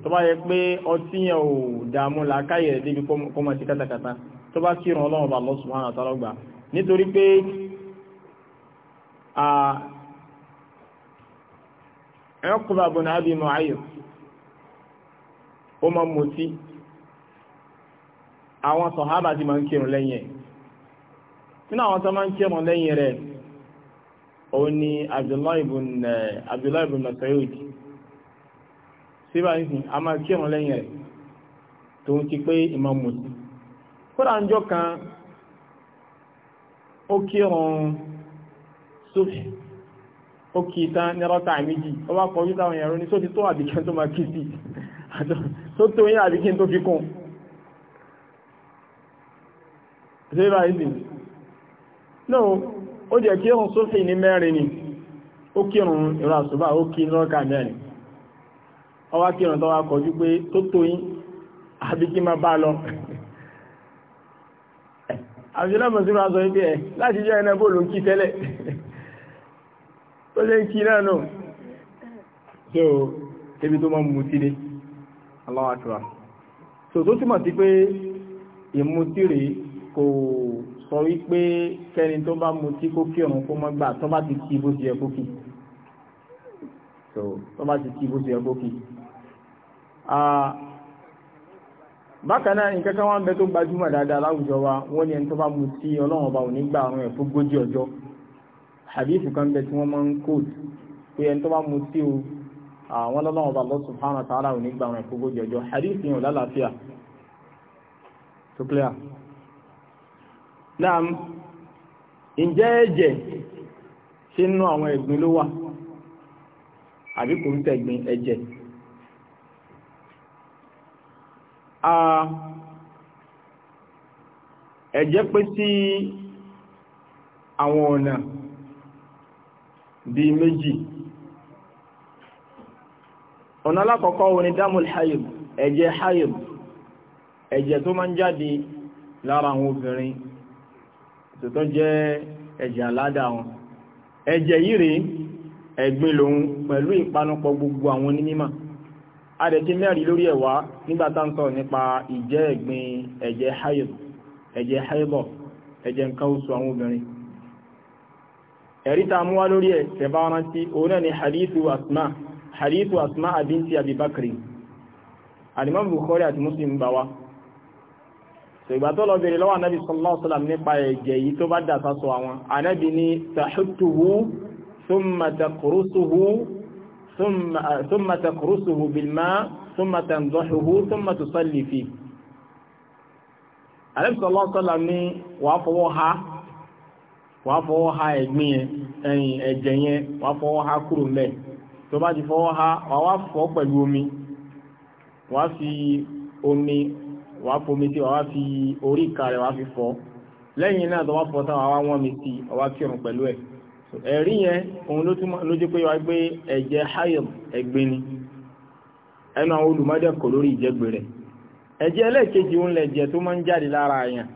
[SPEAKER 1] tó bá yẹ pé ọtí yẹn ò dààmú làákàyè rẹ̀ débi katakata máa kátàkátà tó bá kírun ọlọ́run bá Allah subhanahu wa ta'ala gbà nítorí pé Uqba ibn Abi Mu'ayth ó máa mutí àwọn sọ̀hábà ti máa ń kírun lẹ́yìn ẹ̀ nínú àwọn tó máa ń kírun lẹ́yìn rẹ̀ òun ni Abdullahi síbà nìsín a máa kí ọ̀run lẹ́yìn rẹ̀ tó ń ti pé ìmọ̀ mùsùn kódà ń jọ kan ó kí ọ̀run sófì ó kí tán ní rọ́ta méjì ó bá kọjú táwọn èèyàn ní sóti tó àbíkẹ́ tó máa kí sí tó tó yín àbíkẹ́ tó fi kún síbà nìsín no ó jẹ́ kí ọ̀run sófì ní mẹ́rin ni ó kírun ìrọ̀ àṣùbà ó kí ní mẹ́rin ọwá kí ọ̀nà tó wá kọjú pé tó tó yín àbí kí máa bá lọ àbíṣẹ́lá mọ̀sílù aṣọ ibi ẹ̀ láti jẹ́ ẹ̀nà bóòlù ń kí tẹ́lẹ̀ tó lè ń kí náà nù so ebi tó máa mú sí dé Allahu so tó túmọ̀ sí pé ìmutí rèé kò sọ wípé kẹ́ni tó bá mutí kó kí ọ̀run kó mọ́ gbà tó bá ti kí bó ti yẹ kó so tó bá ti kí bó bákanáà nǹkan kan wá ń bẹ tó gbajúmọ̀ dáadáa láwùjọ wa wọ́n ní ẹni tó bá mu tí ọlọ́run ọba ò ní gba àrùn ẹ̀ fógójì ọjọ́ hadith kan bẹ tí wọ́n máa ń kóòtù pé ẹni tó bá mu tí o àwọn ọlọ́run ọba Allah subhanahu wa ta'ala ò ní gba àrùn ẹ̀ fógójì ọjọ́ hadith yẹn ò lálàáfíà tó clear. naam ǹjẹ́ ẹ̀jẹ̀ ṣe nínú àwọn ẹ̀gbin ló wà àbí kò ń a ẹjẹ pé sí àwọn ọ̀nà bí méjì ọ̀nà alákọ̀ọ́kọ́ wọn ni dámùl hayib ẹjẹ hayib ẹjẹ tó ma ń jáde lára àwọn obìnrin tó jẹ́ ẹ̀jẹ̀ aládà wọn ẹ̀jẹ̀ yìí rí gbogbo àwọn onímọ̀ adẹ̀tí mẹ́rin lórí ẹ̀wá nígbàtà ń sọ nípa ìjẹ́ ẹ̀gbin ẹ̀jẹ̀ haid ẹ̀jẹ̀ haidọ̀ ẹ̀jẹ̀ nǹkan oṣù àwọn obìnrin ẹ̀rí ta mú wá lórí ẹ̀ tẹ̀bá rántí òun náà ni hadithu asma abinti abibakri alimam bukhari àti muslim bá wa ṣègbà tó lọ bèèrè lọ́wọ́ anábì sallallahu nípa ẹ̀jẹ̀ yìí tó bá dà sásọ àwọn anábì ni tahutuhu thumma taqrusuhu ثم ثم تقرصه بالماء ثم تنضحه ثم تصلي فيه Ànábì sallallahu alaihi wasallam ní wàá fọwọ́ ha wàá fọwọ́ ha ẹ̀gbin ẹ̀yìn ẹ̀jẹ̀ yẹn wàá fọwọ́ ha kúrò mẹ́ tó bá ti fọwọ́ ha wàá wá fọ́ pẹ̀lú omi wàá fi omi wàá fomi tí wàá fi orí ìka rẹ̀ wàá fi fọ́ lẹ́yìn náà tó wá fọ́ tán wàá wá wọ́n mi sí wàá kírun pẹ̀lú ẹ̀ ẹ̀rí yẹn òun ló jẹ́ pé wá gbé ẹ̀jẹ̀ hayom ẹ̀gbin ni ẹnu àwọn olùmọ́dẹ̀ kò lórí ìjẹ́gbé rẹ̀ ẹ̀jẹ̀ ẹlẹ́ẹ̀kejì òun lẹ̀jẹ̀ tó máa ń jáde lára èèyàn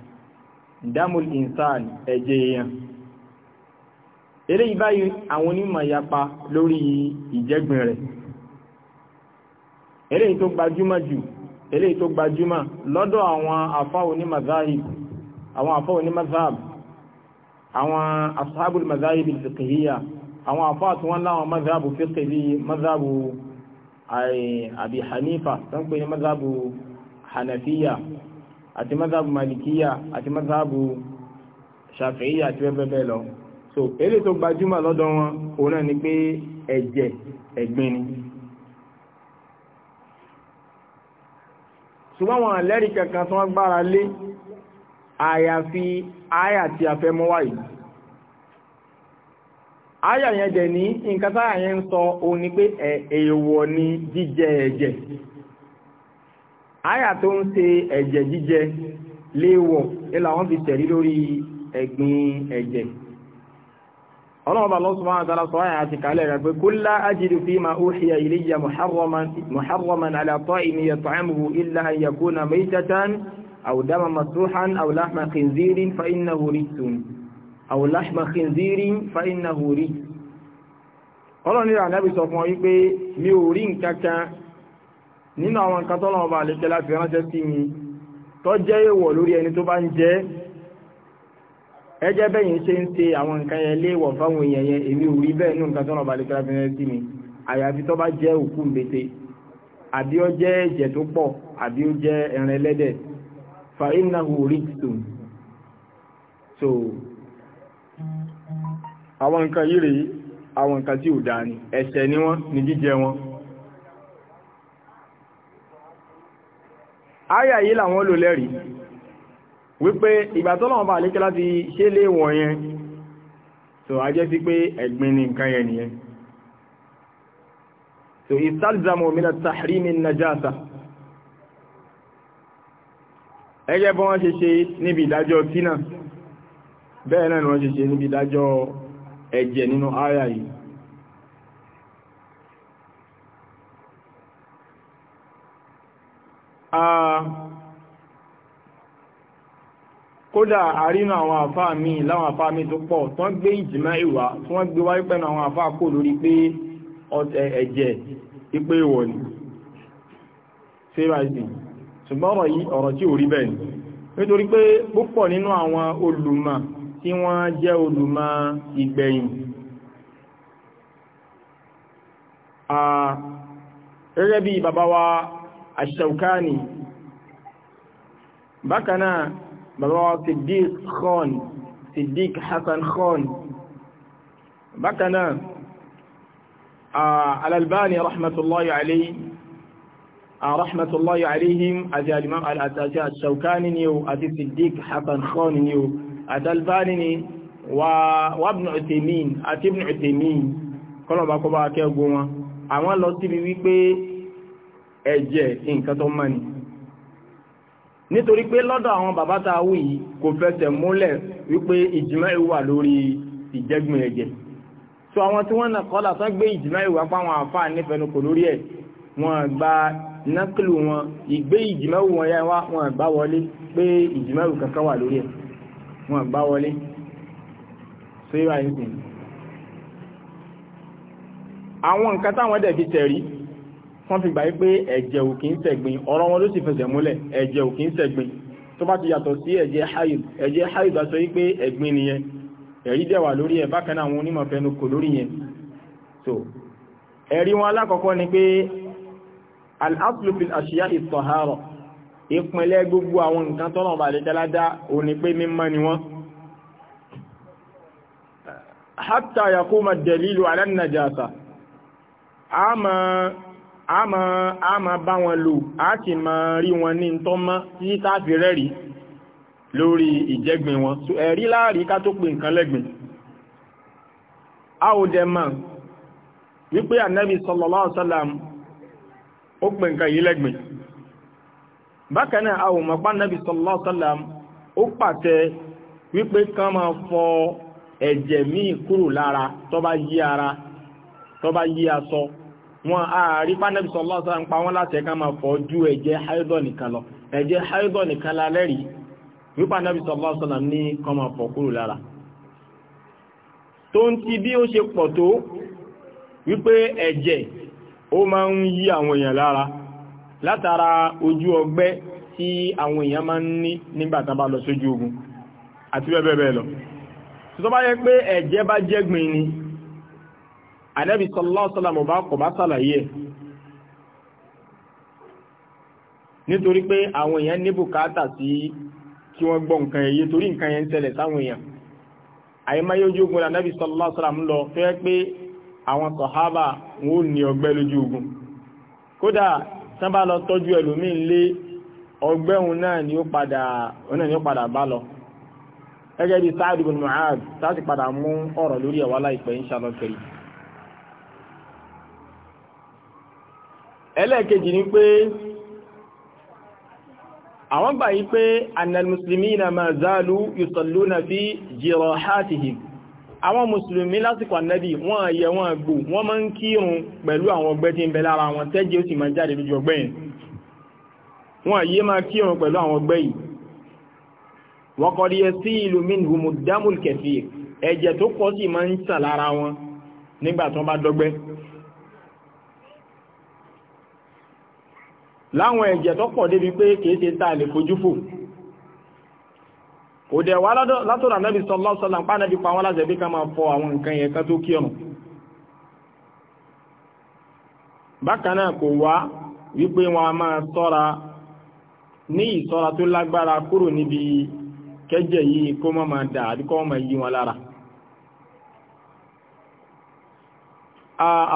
[SPEAKER 1] dámul insan ẹ̀jẹ̀ èèyàn eré ìbáyìí àwọn onímọ̀ yapa lórí ìjẹ́gbin rẹ̀ eré tó gbajúmọ̀ jù eré tó gbajúmọ̀ lọ́dọ̀ àwọn àfáà onímọ̀ záàbù àwọn asáàbù mazahib al-fiqhiyya àwọn àfáà tí wọ́n láwọn mazhabu fiqhi bí mazhabu àbí hanifa tán pé mazhabu hanafiya àti mazhabu malikiya àti mazhabu shafi'iya àti bẹ́ẹ̀bẹ́ẹ̀ lọ so eré tó gbajúmọ̀ lọ́dọ̀ wọn òun náà ni pé ẹ̀jẹ̀ ẹ̀gbin ni ṣùgbọ́n wọn lẹ́rìí kankan tí wọ́n gbára lé àyàfi àyà tí a fẹ́ mọ́ wáyìí àyà yẹn ní nǹkan ń sọ òun ni pé èèwọ̀ ni jíjẹ ẹ̀jẹ̀ àyà tó ń ṣe ẹ̀jẹ̀ jíjẹ léèwọ̀ ilà wọ́n fi tẹ̀rí lórí ẹ̀gbin ẹ̀jẹ̀ ọlọ́ọ̀bà lọ́sùnmọ́ àtàrà sọ àyà àti kàálẹ̀ rẹ̀ pé kulla ajidu fima uhiya ilayya أو دم مسروحا أو لحم خنزير فإنه رجس أو لحم خنزير فإنه رجس ọlọ́run nílò ànábì sọ fún ọ wípé mi ò rí nǹkankan nínú àwọn nǹkan tọ́lọ́ ọba àlejò láti ránṣẹ́ sí mi tó jẹ́ èèwọ̀ lórí ẹni tó bá ń jẹ ẹjẹ́ bẹ́yìn ṣe ń ṣe àwọn nǹkan yẹn léèwọ̀ fáwọn èèyàn yẹn èmi ò rí bẹ́ẹ̀ nínú nǹkan tọ́lọ́ ọba àlejò láti ránṣẹ́ sí mi àyàfi tó bá jẹ́ òkú mbete àbí ó jẹ́ ẹ̀jẹ̀ tó pọ̀ àbí ó jẹ́ ẹran ẹlẹ́dẹ̀ fa innahu rijsun so àwọn nǹkan yìí rèé àwọn nǹkan tí ò dáa ni ẹ̀ṣẹ̀ ni wọ́n ní jíjẹ wọn áyà yìí làwọn lò lẹ́rìí wípé ìgbà tọ́lọ́run bá àlékẹ́ láti ṣe lé wọ̀n yẹn so a jẹ́ sí pé ẹ̀gbin ni nǹkan yẹn nìyẹn so istalzamu min at-tahrimi an-najasa ẹgẹ́ bọ́ wọ́n ṣe ṣe níbi ìdájọ́ kínà bẹ́ẹ̀ náà ni wọ́n ṣe ṣe níbi ìdájọ́ ẹ̀jẹ̀ nínú ara yìí kódà àrínú àwọn àfáà mi láwọn àfáà mi tó pọ̀ tán gbé ìjìmá ìwà tí wọ́n gbé wáyé pẹ̀lú àwọn àfáà kò lórí pé ẹ̀jẹ̀ ipé ìwọ̀ ni. Favorizing ṣùgbọ́n ọ̀rọ̀ yìí ọ̀rọ̀ tí ò rí bẹ́ẹ̀ nítorí pé púpọ̀ nínú àwọn olùmọ̀ tí wọ́n jẹ́ olùmọ̀ ìgbẹ̀yìn gẹ́gẹ́ bí bàbá wa Ash-Shawkani bákanáà bàbá wa Siddiq Khan Siddiq Hassan Khan bákanáà Al-Albani rahmatullahi alayhi rahmatullahi alaihim àti alimam al'atashi al-shaukani ni o àti siddiq hasan khan ni o àti albani ni wa ibn utaimin àti ibn utaimin kọlọ̀bá kọ bá kẹgbọ́ wọn àwọn lọ síbi wípé ẹ̀jẹ̀ nǹkan tó mọ́ ni nítorí pé lọ́dọ̀ àwọn bàbá ta wù yìí kò fẹsẹ̀ múlẹ̀ wípé ìjìmá wà lórí ìjẹ́gbìn ẹ̀jẹ̀ wọ́n gba nákìlù wọn ìgbé ìjìmẹ́wò wọn yá wọn bá wọlé pé ìjìmẹ́wò kankan wà lórí ẹ̀ wọn bá wọlé tó yíwa yìí sìn àwọn nǹkan táwọn dẹ̀ fi tẹ̀rí wọ́n fi gbà yí pé ẹ̀jẹ̀ ò kìí ṣẹ̀gbin ọ̀rọ̀ wọn ló sì fẹsẹ̀ múlẹ̀ ẹ̀jẹ̀ ò kìí ṣẹ̀gbin tó bá ti yàtọ̀ sí ẹ̀jẹ̀ haid ẹ̀jẹ̀ haid bá sọ yí pé ẹ̀gbin nìyẹn ẹ̀rí dẹ̀ wà lórí ẹ̀ bákan náà àwọn onímọ̀ fẹnu kò lórí yẹn so ẹ̀rí wọn alákọ̀ọ́kọ́ ni pé al-aslu fil ashiya'i at-tahara ìpínlẹ̀ gbogbo àwọn nǹkan tọ́nà ọba àdẹ́tẹ́lá dá òní pé mímọ́ ni wọ́n hatta yaquma ad-dalilu ala an-najasa àmà àmà àmà bá wọn lò á sì ma rí wọn ní tọ́mọ́ tí táàfi rẹ́rí lórí ìjẹ́gbìn wọn ẹ̀rí láàrí ká tó pè nǹkan lẹ́gbìn wípé ànábì sallallahu alaihi ó pè nǹkan yìí lẹ́gbìn bákan náà àwọn ọmọpá nàbì sallallahu alaihi wasallam ó pàṣẹ wípé kán máa fọ ẹ̀jẹ̀ míì kúrò lára tó bá yí ara tó bá yí aṣọ wọn àárí pánàbì sallallahu alaihi wasallam ń pa wọ́n láti ẹ̀ká máa fọ ju ẹ̀jẹ̀ haidọ̀ nìkan lọ ẹ̀jẹ̀ haidọ̀ nìkan la lẹ́rìí wípé pánàbì sallallahu ní kán máa fọ kúrò lára tó ń ti bí ó ṣe pọ̀ tó wípé ẹ̀jẹ̀ ó ma ń yí àwọn èèyàn lára látara ojú ọgbẹ́ tí àwọn èèyàn máa ń ní nígbà lọ sójú ogun àti bẹ́ẹ̀ bẹ́ẹ̀ lọ tó bá yẹ pé ẹ̀jẹ̀ bá jẹ́gbin ni Ànábì sallallahu bá kọ̀ bá sàlàyé ẹ̀ nítorí pé àwọn èèyàn ní bùkátà sí kí wọ́n gbọ́ nǹkan ẹ̀yẹ torí nǹkan ń ogun Ànábì sallallahu lọ fẹ́ pé àwọn sọ̀hábà wọn ò ní ọgbẹ́ lójú ogun kódà tán bá lọ tọ́jú ẹlòmíì lé ọgbẹ́ òun náà ni ó padà bá lọ gẹ́gẹ́ bí Sa'ad ibn Mu'adh láti padà mú ọ̀rọ̀ lórí ẹ̀wà láìpẹ́ inshallah kẹrì ẹlẹ́ẹ̀kejì ni pé àwọn gbà yí pé annal muslimina ma zalu yusalluna fi jirahatihim àwọn mùsùlùmí lásìkò ànẹ́bì wọ́n yẹ wọ́n gbò wọ́n máa ń kírun pẹ̀lú àwọn ọgbẹ́ tí ń bẹ lára wọn tẹ́jẹ́ ó sì máa jáde lójú ọgbẹ́ yìí wọ́n yẹ máa kírun pẹ̀lú àwọn ọgbẹ́ yìí wọ́n kọ́ díẹ̀ sí ìlú minhumu dámùl kẹfì ẹ̀jẹ̀ tó pọ̀ sí máa ń sàn lára wọn nígbà tó bá dọ́gbẹ́ láwọn ẹ̀jẹ̀ tó pọ̀ débi pé kìí ṣe tá a lè fojú fò kò dẹ̀ wá látọ̀dà nẹ́bí sọlọ́sọlá pá nẹ́bí pa wọ́n láti ẹbí ká máa fọ àwọn nǹkan yẹn ká tó kí ọ̀nà bákan náà kò wá wípé wọn a máa sọ́ra ní ìsọ́ra tó lágbára kúrò níbi kẹ́jẹ̀ yìí kó má máa dà àbí kó máa yí wọn lára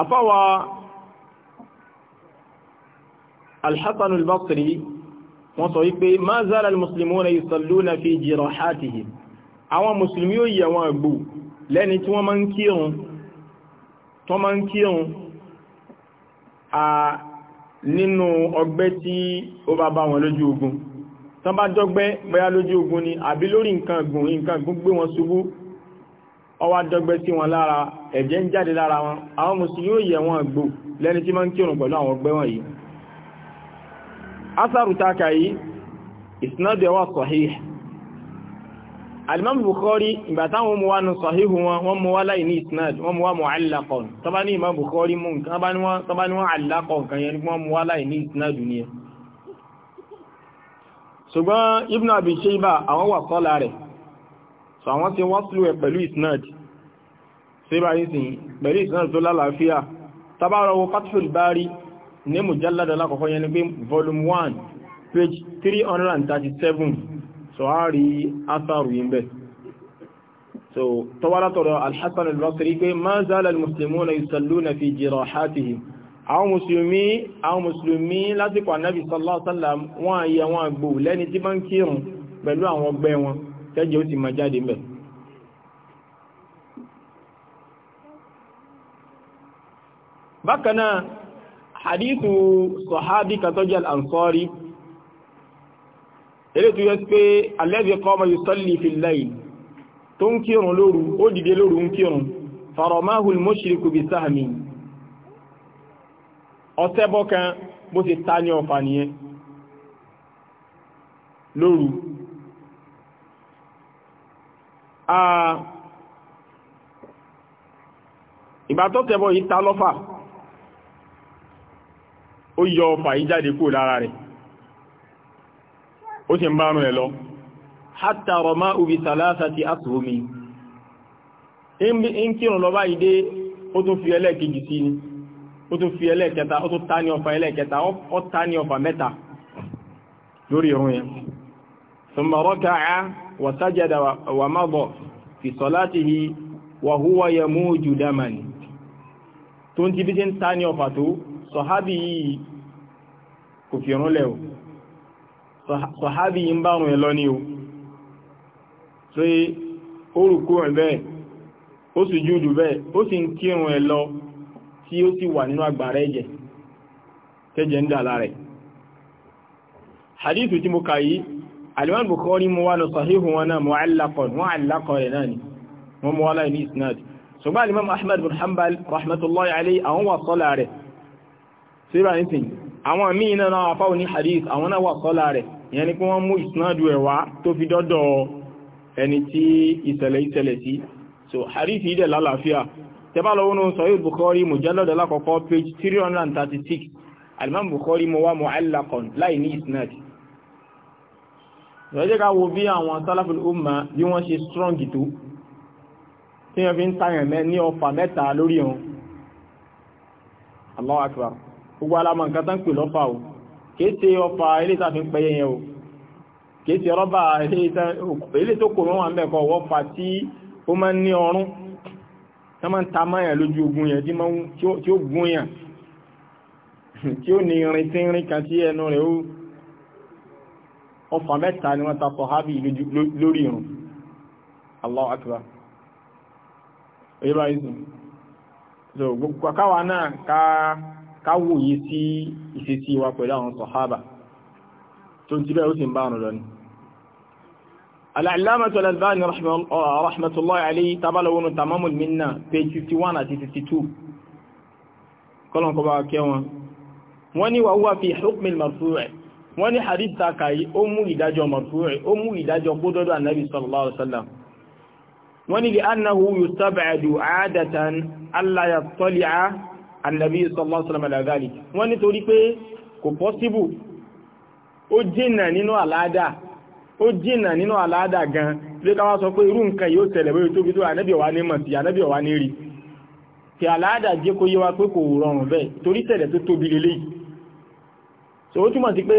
[SPEAKER 1] àfáwa Al-Hasan Al-Basri wọ́n sọ wípé ma zala al-muslimuna yusalluna fi jirahatihim àwọn musulmi yóò yẹ wọn gbò lẹ́ni tí wọ́n máa ń kírun tó máa ń kírun a nínú ọgbẹ́ tí ó bá bá wọn lójú ogun tán bá dọ́gbẹ́ bóyá lójú ogun ni àbí lórí nǹkan gùn nǹkan gùn gbé wọn ṣubú ọwá dọ́gbẹ́ sí wọn lára ẹ̀jẹ̀ ń jáde lára wọn àwọn musulmi yóò yẹ wọn gbò lẹ́ni tí máa ń kírun pẹ̀lú àwọn ọgbẹ́ wọn yìí asaru ta kayi isnadu wa sahih alimam bukhari ìgbà táwọn mú wá nù sahihu wọn wọ́n mú wá láì ní isnad wọ́n mú wá mú alákọ̀ọ̀n tọ́bá ní imam bukhari mú tọ́bá ní wọ́n alákọ̀ọ̀n kan yẹn wọ́n mú wá láì ní isnad ní ẹ ṣùgbọ́n ibn abi shayba àwọn wà sọ́lá rẹ̀ so àwọn ti wọ́n sílù ẹ̀ isnad ṣe bá yìí sìn pẹ̀lú isnad tó lálàáfíà tọ́bá rọwọ́ fathul bari ní mùjáládà lákọ̀ọ́kọ́ yẹn pé volume 1 page 337 so a rí asáàrù yìí bẹ́ so tọwálátọ̀rọ̀ alhassan al-basri pé ma zala al-muslimuna yusalluna fi jirahatihim àwọn musulmi àwọn musulmi lásìkò annabi sallallahu alaihi wasallam wọ́n ayé àwọn àgbò lẹ́ni hadithu sahabi katọ́jẹ́ al'ansọ́rí eré tó yẹ pé alẹ́bí kọ́mọ yusalli fil layl tó ń kírun lóru ó dìde lóru ń kírun faramahul mushriku bi sahmi ọ̀tẹ́bọ́ kan bó ti ta ní ọfà nìyẹn lóru ah, ìgbà yìí ta lọ́fà ó yọ ọfà yí jáde kúrò lára rẹ̀ ó sì ń bá rún ẹ̀ lọ hátà rọmá ubi sàlásà ti àtúrómi ń kírun lọ báyìí dé ó tún fi ẹlẹ́ẹ̀kejì sí ni ó tún fi ẹlẹ́ẹ̀kẹta ó tún tá ní ọfà ẹlẹ́ẹ̀kẹta ó tá ní ọfà mẹ́ta lórí sọ̀hábì yìí kò fi rún lẹ̀ o sọ̀hábì yìí ń bá rùn ẹ̀ lọ ní o tí ó rùkú ẹ̀ bẹ́ẹ̀ ó sì júdù bẹ́ẹ̀ ó sì ń kírun ẹ̀ lọ tí ó sì wà nínú àgbàrá ẹ̀jẹ̀ tẹ́jẹ̀ ń dà lára hadithu tí mo kà yìí alimán Bukhari mo wá lọ sahihu wọn náà mu'allaqan mu'allaqan rẹ̀ náà ni wọ́n mo wá láì ní isnad ṣùgbọ́n alimán Ahmad bin Hanbal rahmatullahi alayhi àwọn wà sọ́lá rẹ̀ síra ní sìn àwọn míì náà náà afáwọn ní hadith àwọn náà wà sọ́lá rẹ̀ ìyẹn ni pé wọ́n mú ìsinádù ẹ̀ tó fi dọ́dọ̀ ẹni tí ìṣẹ̀lẹ̀ ìṣẹ̀lẹ̀ sí so hadith yìí lálàáfíà tẹ́bàlọ́wọ́ nù sọ Bukhari mujallada lákọ̀ọ́kọ́ page 336 alimam Bukhari mo wá mu'allaqan láì ní ìsinádù ìrọ̀jẹ́ ká wo bí àwọn sálàfil umma bí strong tó tí wọ́n fi ń tayàn mẹ́ ní ọfà mẹ́ta akbar gbogbo alamọ̀ nǹkan tán pè lọ́fà o kéèsè ọfà ilé ìtàfi ń pẹyẹ yẹn o kéèsè rọ́bà ilé tó kò mọ́wàá ń bẹ̀kọ́ wọ́fà tí ó máa ń ní ọrún tó máa ń ta máyà lójú ogun yẹn tí ó gún yàn tí ó ní irin tí irin kan tí ẹnu rẹ̀ ó ọfà mẹ́ta ni wọ́n ta sọ̀hábì lórí irun Allahu akbar èyí báyìí sùn so gbogbo àkáwà náà ká káwòye sí ìṣesí wa pẹ̀lú àwọn sọ̀hábà tó ti bẹ́ẹ̀ ó sì ń bá ọ̀rọ̀ lọ́nà Al-Allamah Al-Albani rahmatullahi alayhi tabalawun tamamul minna page 51 àti 52 kọlọ̀n kọba kẹwọn wọ́n ní wà wúwà fi hukm al wọ́n ní hadith takai ó mú ìdájọ́ marfu' ó mú ìdájọ́ gbódọ́dọ̀ annabi sallallahu alaihi wasallam wọ́n ní li annahu yustab'adu 'adatan alla yattali'a annabi sallallahu alaihi wasallam ala dhalik wọ́n nítorí pé kò possible ó jìnnà nínú àládà ó jìnnà nínú àládà gan lé ká wá sọ pé irú nǹkan yóò tẹ̀lẹ̀ bóyá tóbi tó ànábì ọ̀wá ní mọ̀ sí ànábì ọ̀wá ní rí kí àládà jẹ́ kó yé wa pé kò rọrùn bẹ́ẹ̀ torí tẹ̀lẹ̀ tó tóbi leléyìí so ó túmọ̀ sí pé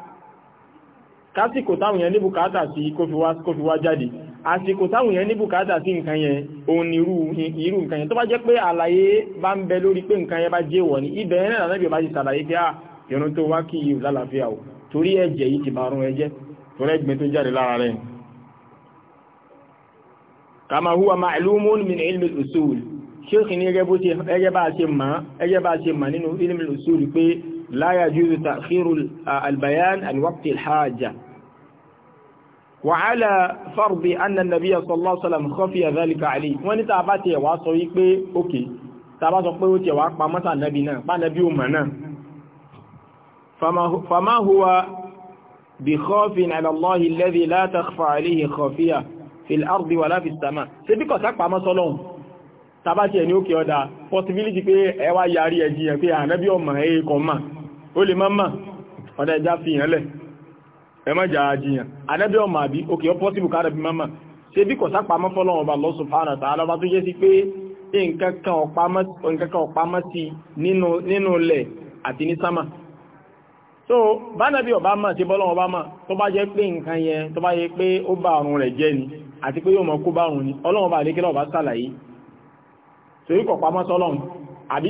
[SPEAKER 1] kásìkò táwọn yẹn ní bùkátà sí kó fi wá jáde àsìkò táwọn yẹn ní bùkátà sí nǹkan yẹn òun ni irú nǹkan yẹn tó bá jẹ́ pé àlàyé bá ń bẹ lórí pé nǹkan yẹn bá jẹ́ wọ̀ ní ibẹ̀ náà lábẹ́ bá ti sàlàyé pé ìrun tó wá kí yìí lálàáfíà o torí ẹ̀jẹ̀ yìí لا يجوز تأخير البيان عن وقت الحاجة وعلى فرض أن النبي صلى الله عليه وسلم خفي ذلك عليه wọ́n ní tá bá tiẹ̀ wá sọ wípé okay tá bá sọ pé ó tiẹ̀ wá pa mọ́sà nàbí náà bá nàbí òmà náà فما هو بخاف على الله الذي لا تخفى عليه خافية في الأرض ولا في السماء ṣe bí kò sá pa mọ́ sọ́lọ́hun tá bá tiẹ̀ ní ó kí ọ́dá possibility pé ẹwà yarí ẹ̀jìyàn pé ànábí ọmọ ẹ̀ẹ́kọ̀ máa ó lè mọ́mọ́ ọ̀dá ẹja fi hàn lẹ̀ ẹmọ́jà àjìyàn anẹ́bí ọmọ àbí òkè ọpọ́ sí bukara bí mọ́mọ́ ṣe bí kọ̀sá pamọ́ fọ́lọ́wọ́n bá lọ́sùn fara tààlà bá tó jẹ́ sí pé nǹkan kan ọ̀pamọ́ sí nínú ilẹ̀ àti ní sámà so bánàbí ọba mọ̀ tí bọ́lọ́wọ́ bá mọ̀ tó bá jẹ́ pé nǹkan yẹn tó bá yẹ pé ó bá àrùn rẹ̀ jẹ́ ni àti pé yóò mọ̀ kó bá àrùn ni ọlọ́wọ́ bá lékẹ́lọ́ bá sàlàyé torí kọ̀pamọ́ sọ́lọ́run àbí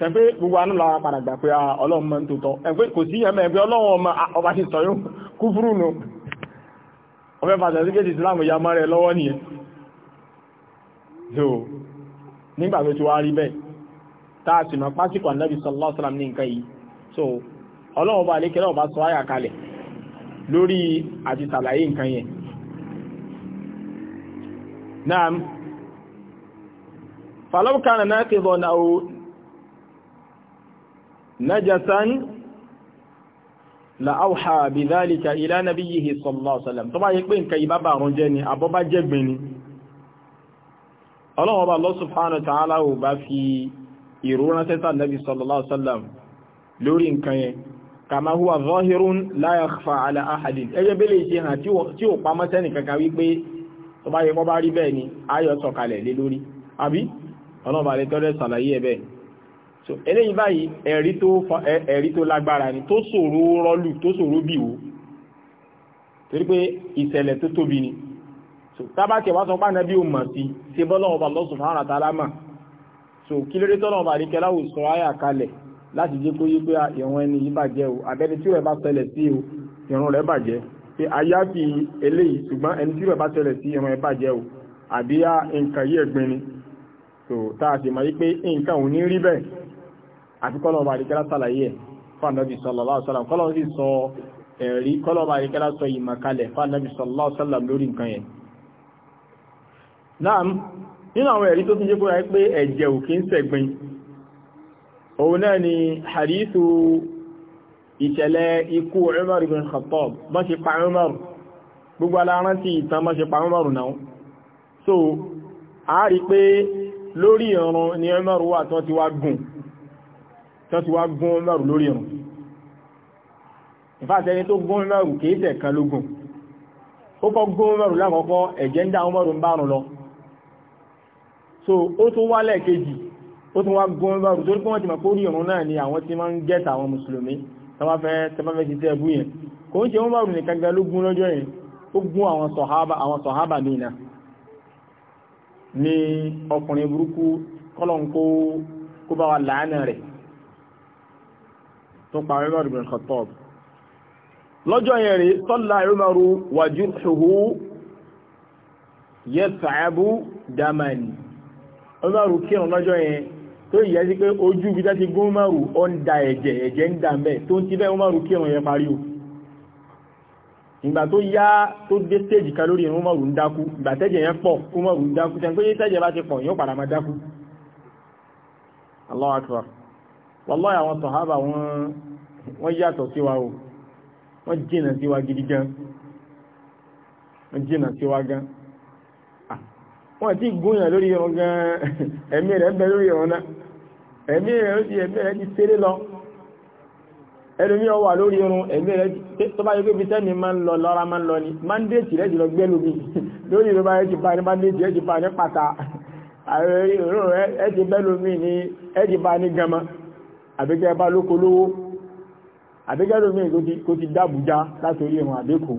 [SPEAKER 1] tẹ̀pẹ́ gbogbo anú la padà gbà pé ah, ọlọ́run mọ́ tó tọ́ ẹ̀pẹ́ kò sí ẹ̀mẹ́ ẹ̀pẹ́ ọlọ́run ọmọ ah, ọba ti sọ̀yún kúfúrú nù ọfẹ́ fàṣẹ́síkẹ́tì ìsìláàmù ya mọ́ rẹ̀ lọ́wọ́ nìyẹn so nígbà tó ti wá rí bẹ́ẹ̀ tá a sì mọ̀ pásíkò ànábì sallallahu alaihi wasallam ní nǹkan yìí so ọlọ́run ọba àlékẹ́lẹ́ ọba sọ àyà kalẹ̀ lórí àti sàlàyé nǹkan yẹn naam falọ́kànnà náà najasan la auha bi dhalika ila nabiyhi sallallahu alaihi wasallam tó bá yẹ pé nǹkan iba ba run je ni abo ba je gbin ni Ọlọ́run Ọba Allah subhanahu wa ta'ala ó bá fi iruna se ta nabi sallallahu alaihi wasallam lórí nǹkan yẹn kama huwa zahirun la yakhfa ala ahadin eje bele ise han tí ó tí ó pa mọ́ sẹ́ni kankan wí pé tó bá yẹ kó bá rí bẹ́ẹ̀ ni ayo sọ̀kalẹ̀ lé lórí àbí Ọlọ́run bá lè tore ṣàlàyé ẹ̀ bẹ́ẹ̀ so eléyìí báyìí ẹ̀rí tó ẹ̀rí tó lágbára ni tó ṣòro rọ́lù tó ṣòro bíwò torí pé ìṣẹ̀lẹ̀ tó tóbi ni so tábàkì wá sọ pé ànábì ò mọ̀ sí ṣe bọ́ lọ́wọ́ Allah subhanahu wa ta'ala mà so kí lórí tọ́lọ̀ ọba àríkẹ́ láwò sọ ayà kalẹ̀ láti jẹ́ kó yí pé ìwọ̀n ẹni yìí bàjẹ́ o abẹ́ni tí rẹ̀ bá ṣẹlẹ̀ sí o ìrun rẹ̀ bàjẹ́ pé ayá fi eléyìí ṣùgbọ́n ẹni tí rẹ̀ bá ṣẹlẹ̀ sí ìrun rẹ̀ bàjẹ́ o àbí nǹkan yí ẹ̀gbin ni so tá a sì mọ̀ yí pé nǹkan ò ní rí bẹ́ẹ̀ àti kọ́lọ̀ọ̀bà àríkẹ́lá sàlàyé ẹ̀ fánàbí sallallahu alaihi wasallam kọ́lọ̀ọ̀ sí sọ ẹ̀rí kọ́lọ̀ọ̀bà àríkẹ́lá sọ ìmọ̀kalẹ̀ fánàbí sallallahu alaihi wasallam lórí nǹkan yẹn náà nínú àwọn ẹ̀rí tó tún jẹ́ bóra pé ẹ̀jẹ̀ ò kí ń ìṣẹ̀lẹ̀ ikú Umar ibn Khattab bọ́n ṣe pa Umar gbogbo alárántí ìtàn bọ́n ṣe pa Umar náà so a rí pé lórí ọ̀run ni Umar wà tó ti wá gùn tán ti wá gún Umaru lórí ẹ̀rùn ìfàtẹni tó gún Umaru kìí tẹ̀ kan lógún ó kọ́ gún Umaru lákọ̀ọ́kọ́ ẹ̀jẹ̀ ń dá Umaru ń bárùn lọ so ó tún wá lẹ́ẹ̀kejì ó tún wá gún Umaru torí pé wọ́n ti mọ̀ kórí ẹ̀rùn náà ni àwọn tí máa ń gẹ́ta àwọn mùsùlùmí tẹ́bàfẹ́ ti tẹ́ ẹbú yẹn kò ń ṣe Umaru nìkan gan ló gún ni ọkùnrin burúkú kọ́lọ̀ ń kó bá wa làánà rẹ̀ tó pa Umar ibn Khattab lọ́jọ́ yẹn rí sọ́lá Umaru wa jurhuhu yas'abu daman Umaru kírun lọ́jọ́ yẹn tó yẹ sí pé ojú bí dá ti gún Umaru ó ń da ẹ̀jẹ̀ ẹ̀jẹ̀ ń dà mẹ́ tó ń ti bẹ́ Umaru kírun yẹn parí o ìgbà tó yá tó dé stéèjì kan lórí ìrún mọ̀rún dákú ìgbà tẹ́jẹ̀ yẹn pọ̀ kú mọ̀rún dákú tẹ́jẹ̀ bá ti pọ̀ yóò padà máa dákú Allahu Akbar wallahi àwọn sàhábà wọ́n yàtọ̀ sí wa o wọ́n jìnà sí wa gidi gan wọ́n jìnà sí wa gan wọ́n ti gúnyàn lórí wọn gan ẹ̀mí rẹ̀ bẹ lórí wọn náà ẹ̀mí rẹ̀ ló ti ẹ̀mí rẹ̀ ti séré lọ ẹlòmí ọ wà lórí irun ẹ̀mí rẹ̀ tó bá yẹ pé bísẹ́ni máa ń lọ lọ́ra máa ń lọ ni mandate rẹ̀ jùlọ gbẹ́ lómi lórí irun bá yẹ ti bá ní mandate rẹ̀ ti bá ní pàtà àwọn irun rẹ̀ ti bẹ́ lómi ní ẹ̀ ti bá ní gama àbíkẹ́ bá lóko lówó àbíkẹ́ lómi kó ti dábùjá látorí ìrùn àbíkò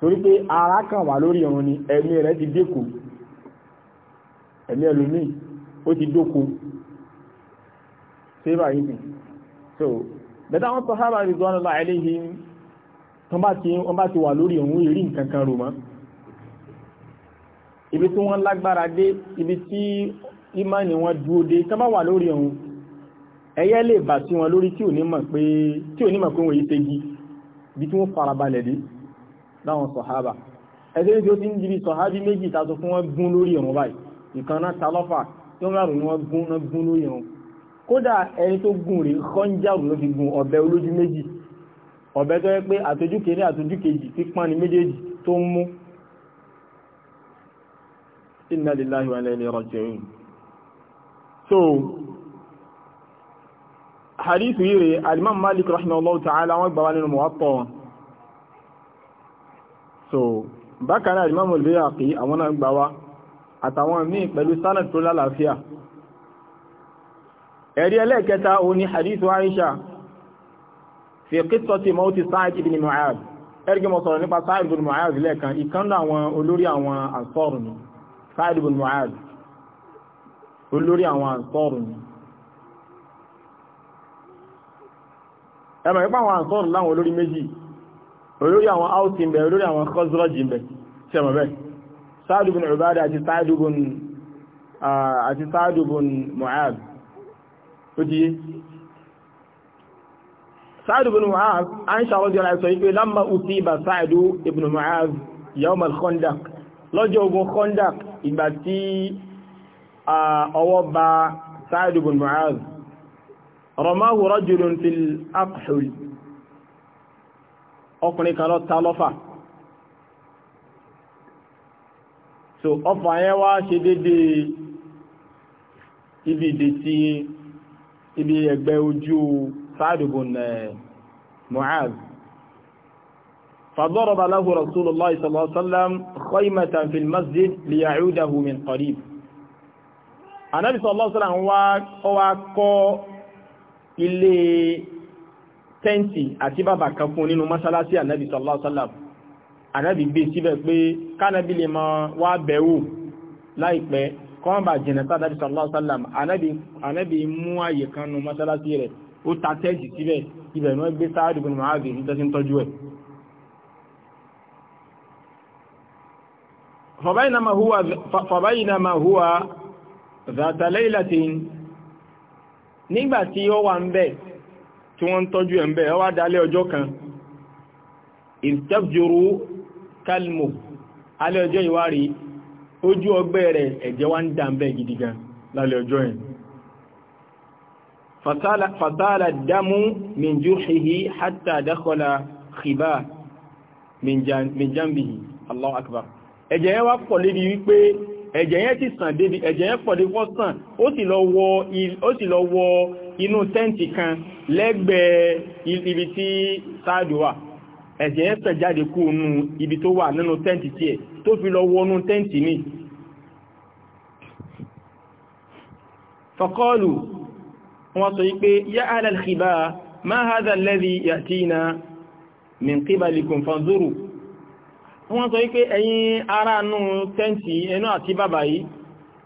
[SPEAKER 1] torí pé ara kan wà lórí ìrùn ni ẹ̀mí rẹ̀ ti dékò ẹ̀mí ẹlòmí ó ti dóko sébà yìí so bẹ́tà wọ́n sàhábà ridwanullahi alaihim wọ́n bá ti wà lórí ìrùn ìrí nǹkan kan rò mọ́ ibi tí wọ́n lágbára dé ibi tí ìmánì wọn dúó dé tán bá wà lórí ọ̀hún ẹyẹ lè bà sí wọn lórí tí ò ní mọ̀ pé wọ́n yí tegi bí tí wọ́n farabalẹ̀ dé láwọn sọ̀hábà ẹgbẹ́ tí ó ti ń dìbí sọ̀hábí méjì tàbí fún wọn gún lórí ẹ̀rùn báyìí ìkan náà talọ́fà tí wọ́n rárùn wọn gún náà gún lórí ẹ̀rùn kódà ẹni tó gùn rí kọ́njáàrù ló fi gun ọ̀bẹ olójú méjì ọ̀bẹ tó yẹ pé àtọ́jú kéré àtọ́jú kejì tí pọ́n ni méjèèjì tó ń mú inna lillahi hadith yìí rẹ̀ alimam malik rahimahullahu ta'ala wọ́n gbà nínú muwatta so bákan náà alimam al-bayhaqi àwọn náà gbà wá àtàwọn míì pẹ̀lú sanad tó lálàáfíà ẹ̀rí ẹlẹ́ẹ̀kẹta ó ní hadith aisha fi qissati mawti sa'id ibn mu'adh ẹ̀rìgì mọ̀ sọ̀rọ̀ nípa sa'id ibn mu'adh lẹ́ẹ̀kan ìkan náà àwọn olórí ẹmọ̀ ipá àwọn àǹsọ́rùn láwọn olórí méjì olórí àwọn áùtì ń bẹ olórí àwọn kọ́sùrọ̀jì ń bẹ ṣẹmọ̀ bẹ́ sáàdùbùn ìbádà àti sáàdùbùn Mu'ad ó ti yé sáàdùbùn Mu'ad a ń ṣàwọ́dì ọ̀rọ̀ àìsọ̀ ipé lámà ùtí ibà sáàdù ibn Mu'ad yawmal Khandaq lọ́jọ́ ogun Khandaq ìgbà tí ọwọ́ ba sáàdùbùn Mu'ad rọmáhù rajulun fil aqhul ọkùnrin kan lọ ta lọ́fà so ọfà yẹn wá ṣe dédé ibi ìdè tí ibi ẹgbẹ́ ojú sáàdùbùn eh, Mu'adh فضرب له رسول الله صلى الله عليه وسلم خيمة في المسجد ليعوده من قريب النبي صلى الله عليه وسلم wá kọ́ ilé tẹ́ǹtì àti bàbà kan fún nínú mọ́sálásí ànábì sallallahu alaihi wasallam ànábì gbé síbẹ̀ pé kánábì lè máa wá bẹ̀wò láìpẹ́ kọ́n bá jìnà sáàdábì sallallahu alaihi wasallam ànábì mú àyè kan nínú mọ́sálásí rẹ̀ ó ta tẹ́ǹtì síbẹ̀ ibẹ̀ ni wọ́n gbé Sa'ad ibn Mu'adh ní tẹ́sí ń tọ́jú ẹ̀ فبينما هو ذات ليلة nígbà tí ó wà ń bẹ̀ tí wọ́n ń tọ́jú ẹ̀ ń bẹ̀ ó wá dalẹ́ ọjọ́ kan ìtẹ́bjòrò kalmo alẹ́ ọjọ́ ìwárí ojú ọgbẹ́ rẹ̀ ẹ̀jẹ̀ wá ń dà ń bẹ̀ gidi lálẹ́ ọjọ́ yẹn fatala damu min juhihi hatta dakhala khiba min jambihi akbar ẹ̀jẹ̀ wá pọ̀ lébi wípé ẹ̀jẹ̀ yẹn ti sàn débi ẹ̀jẹ̀ yẹn pọ̀ dé fọ́sàn ó sì lọ wọ inú tẹ́ǹtì kan lẹ́gbẹ̀ẹ́ ibi tí sáàdù wà ẹ̀jẹ̀ yẹn sàn jáde kú nú ibi tó wà nínú tẹ́ǹtì tí ẹ̀ tó fi lọ wọnú tẹ́ǹtì ní fọ́kọ́ọ̀lù wọ́n sọ wípé yá alàlìkìbá máa hádà lẹ́rí yàtí na min kíbalikùn fanzuru wọ́n sọ wípé ẹ̀yin ará nù tẹ́ǹtì ẹnu àti bàbá yìí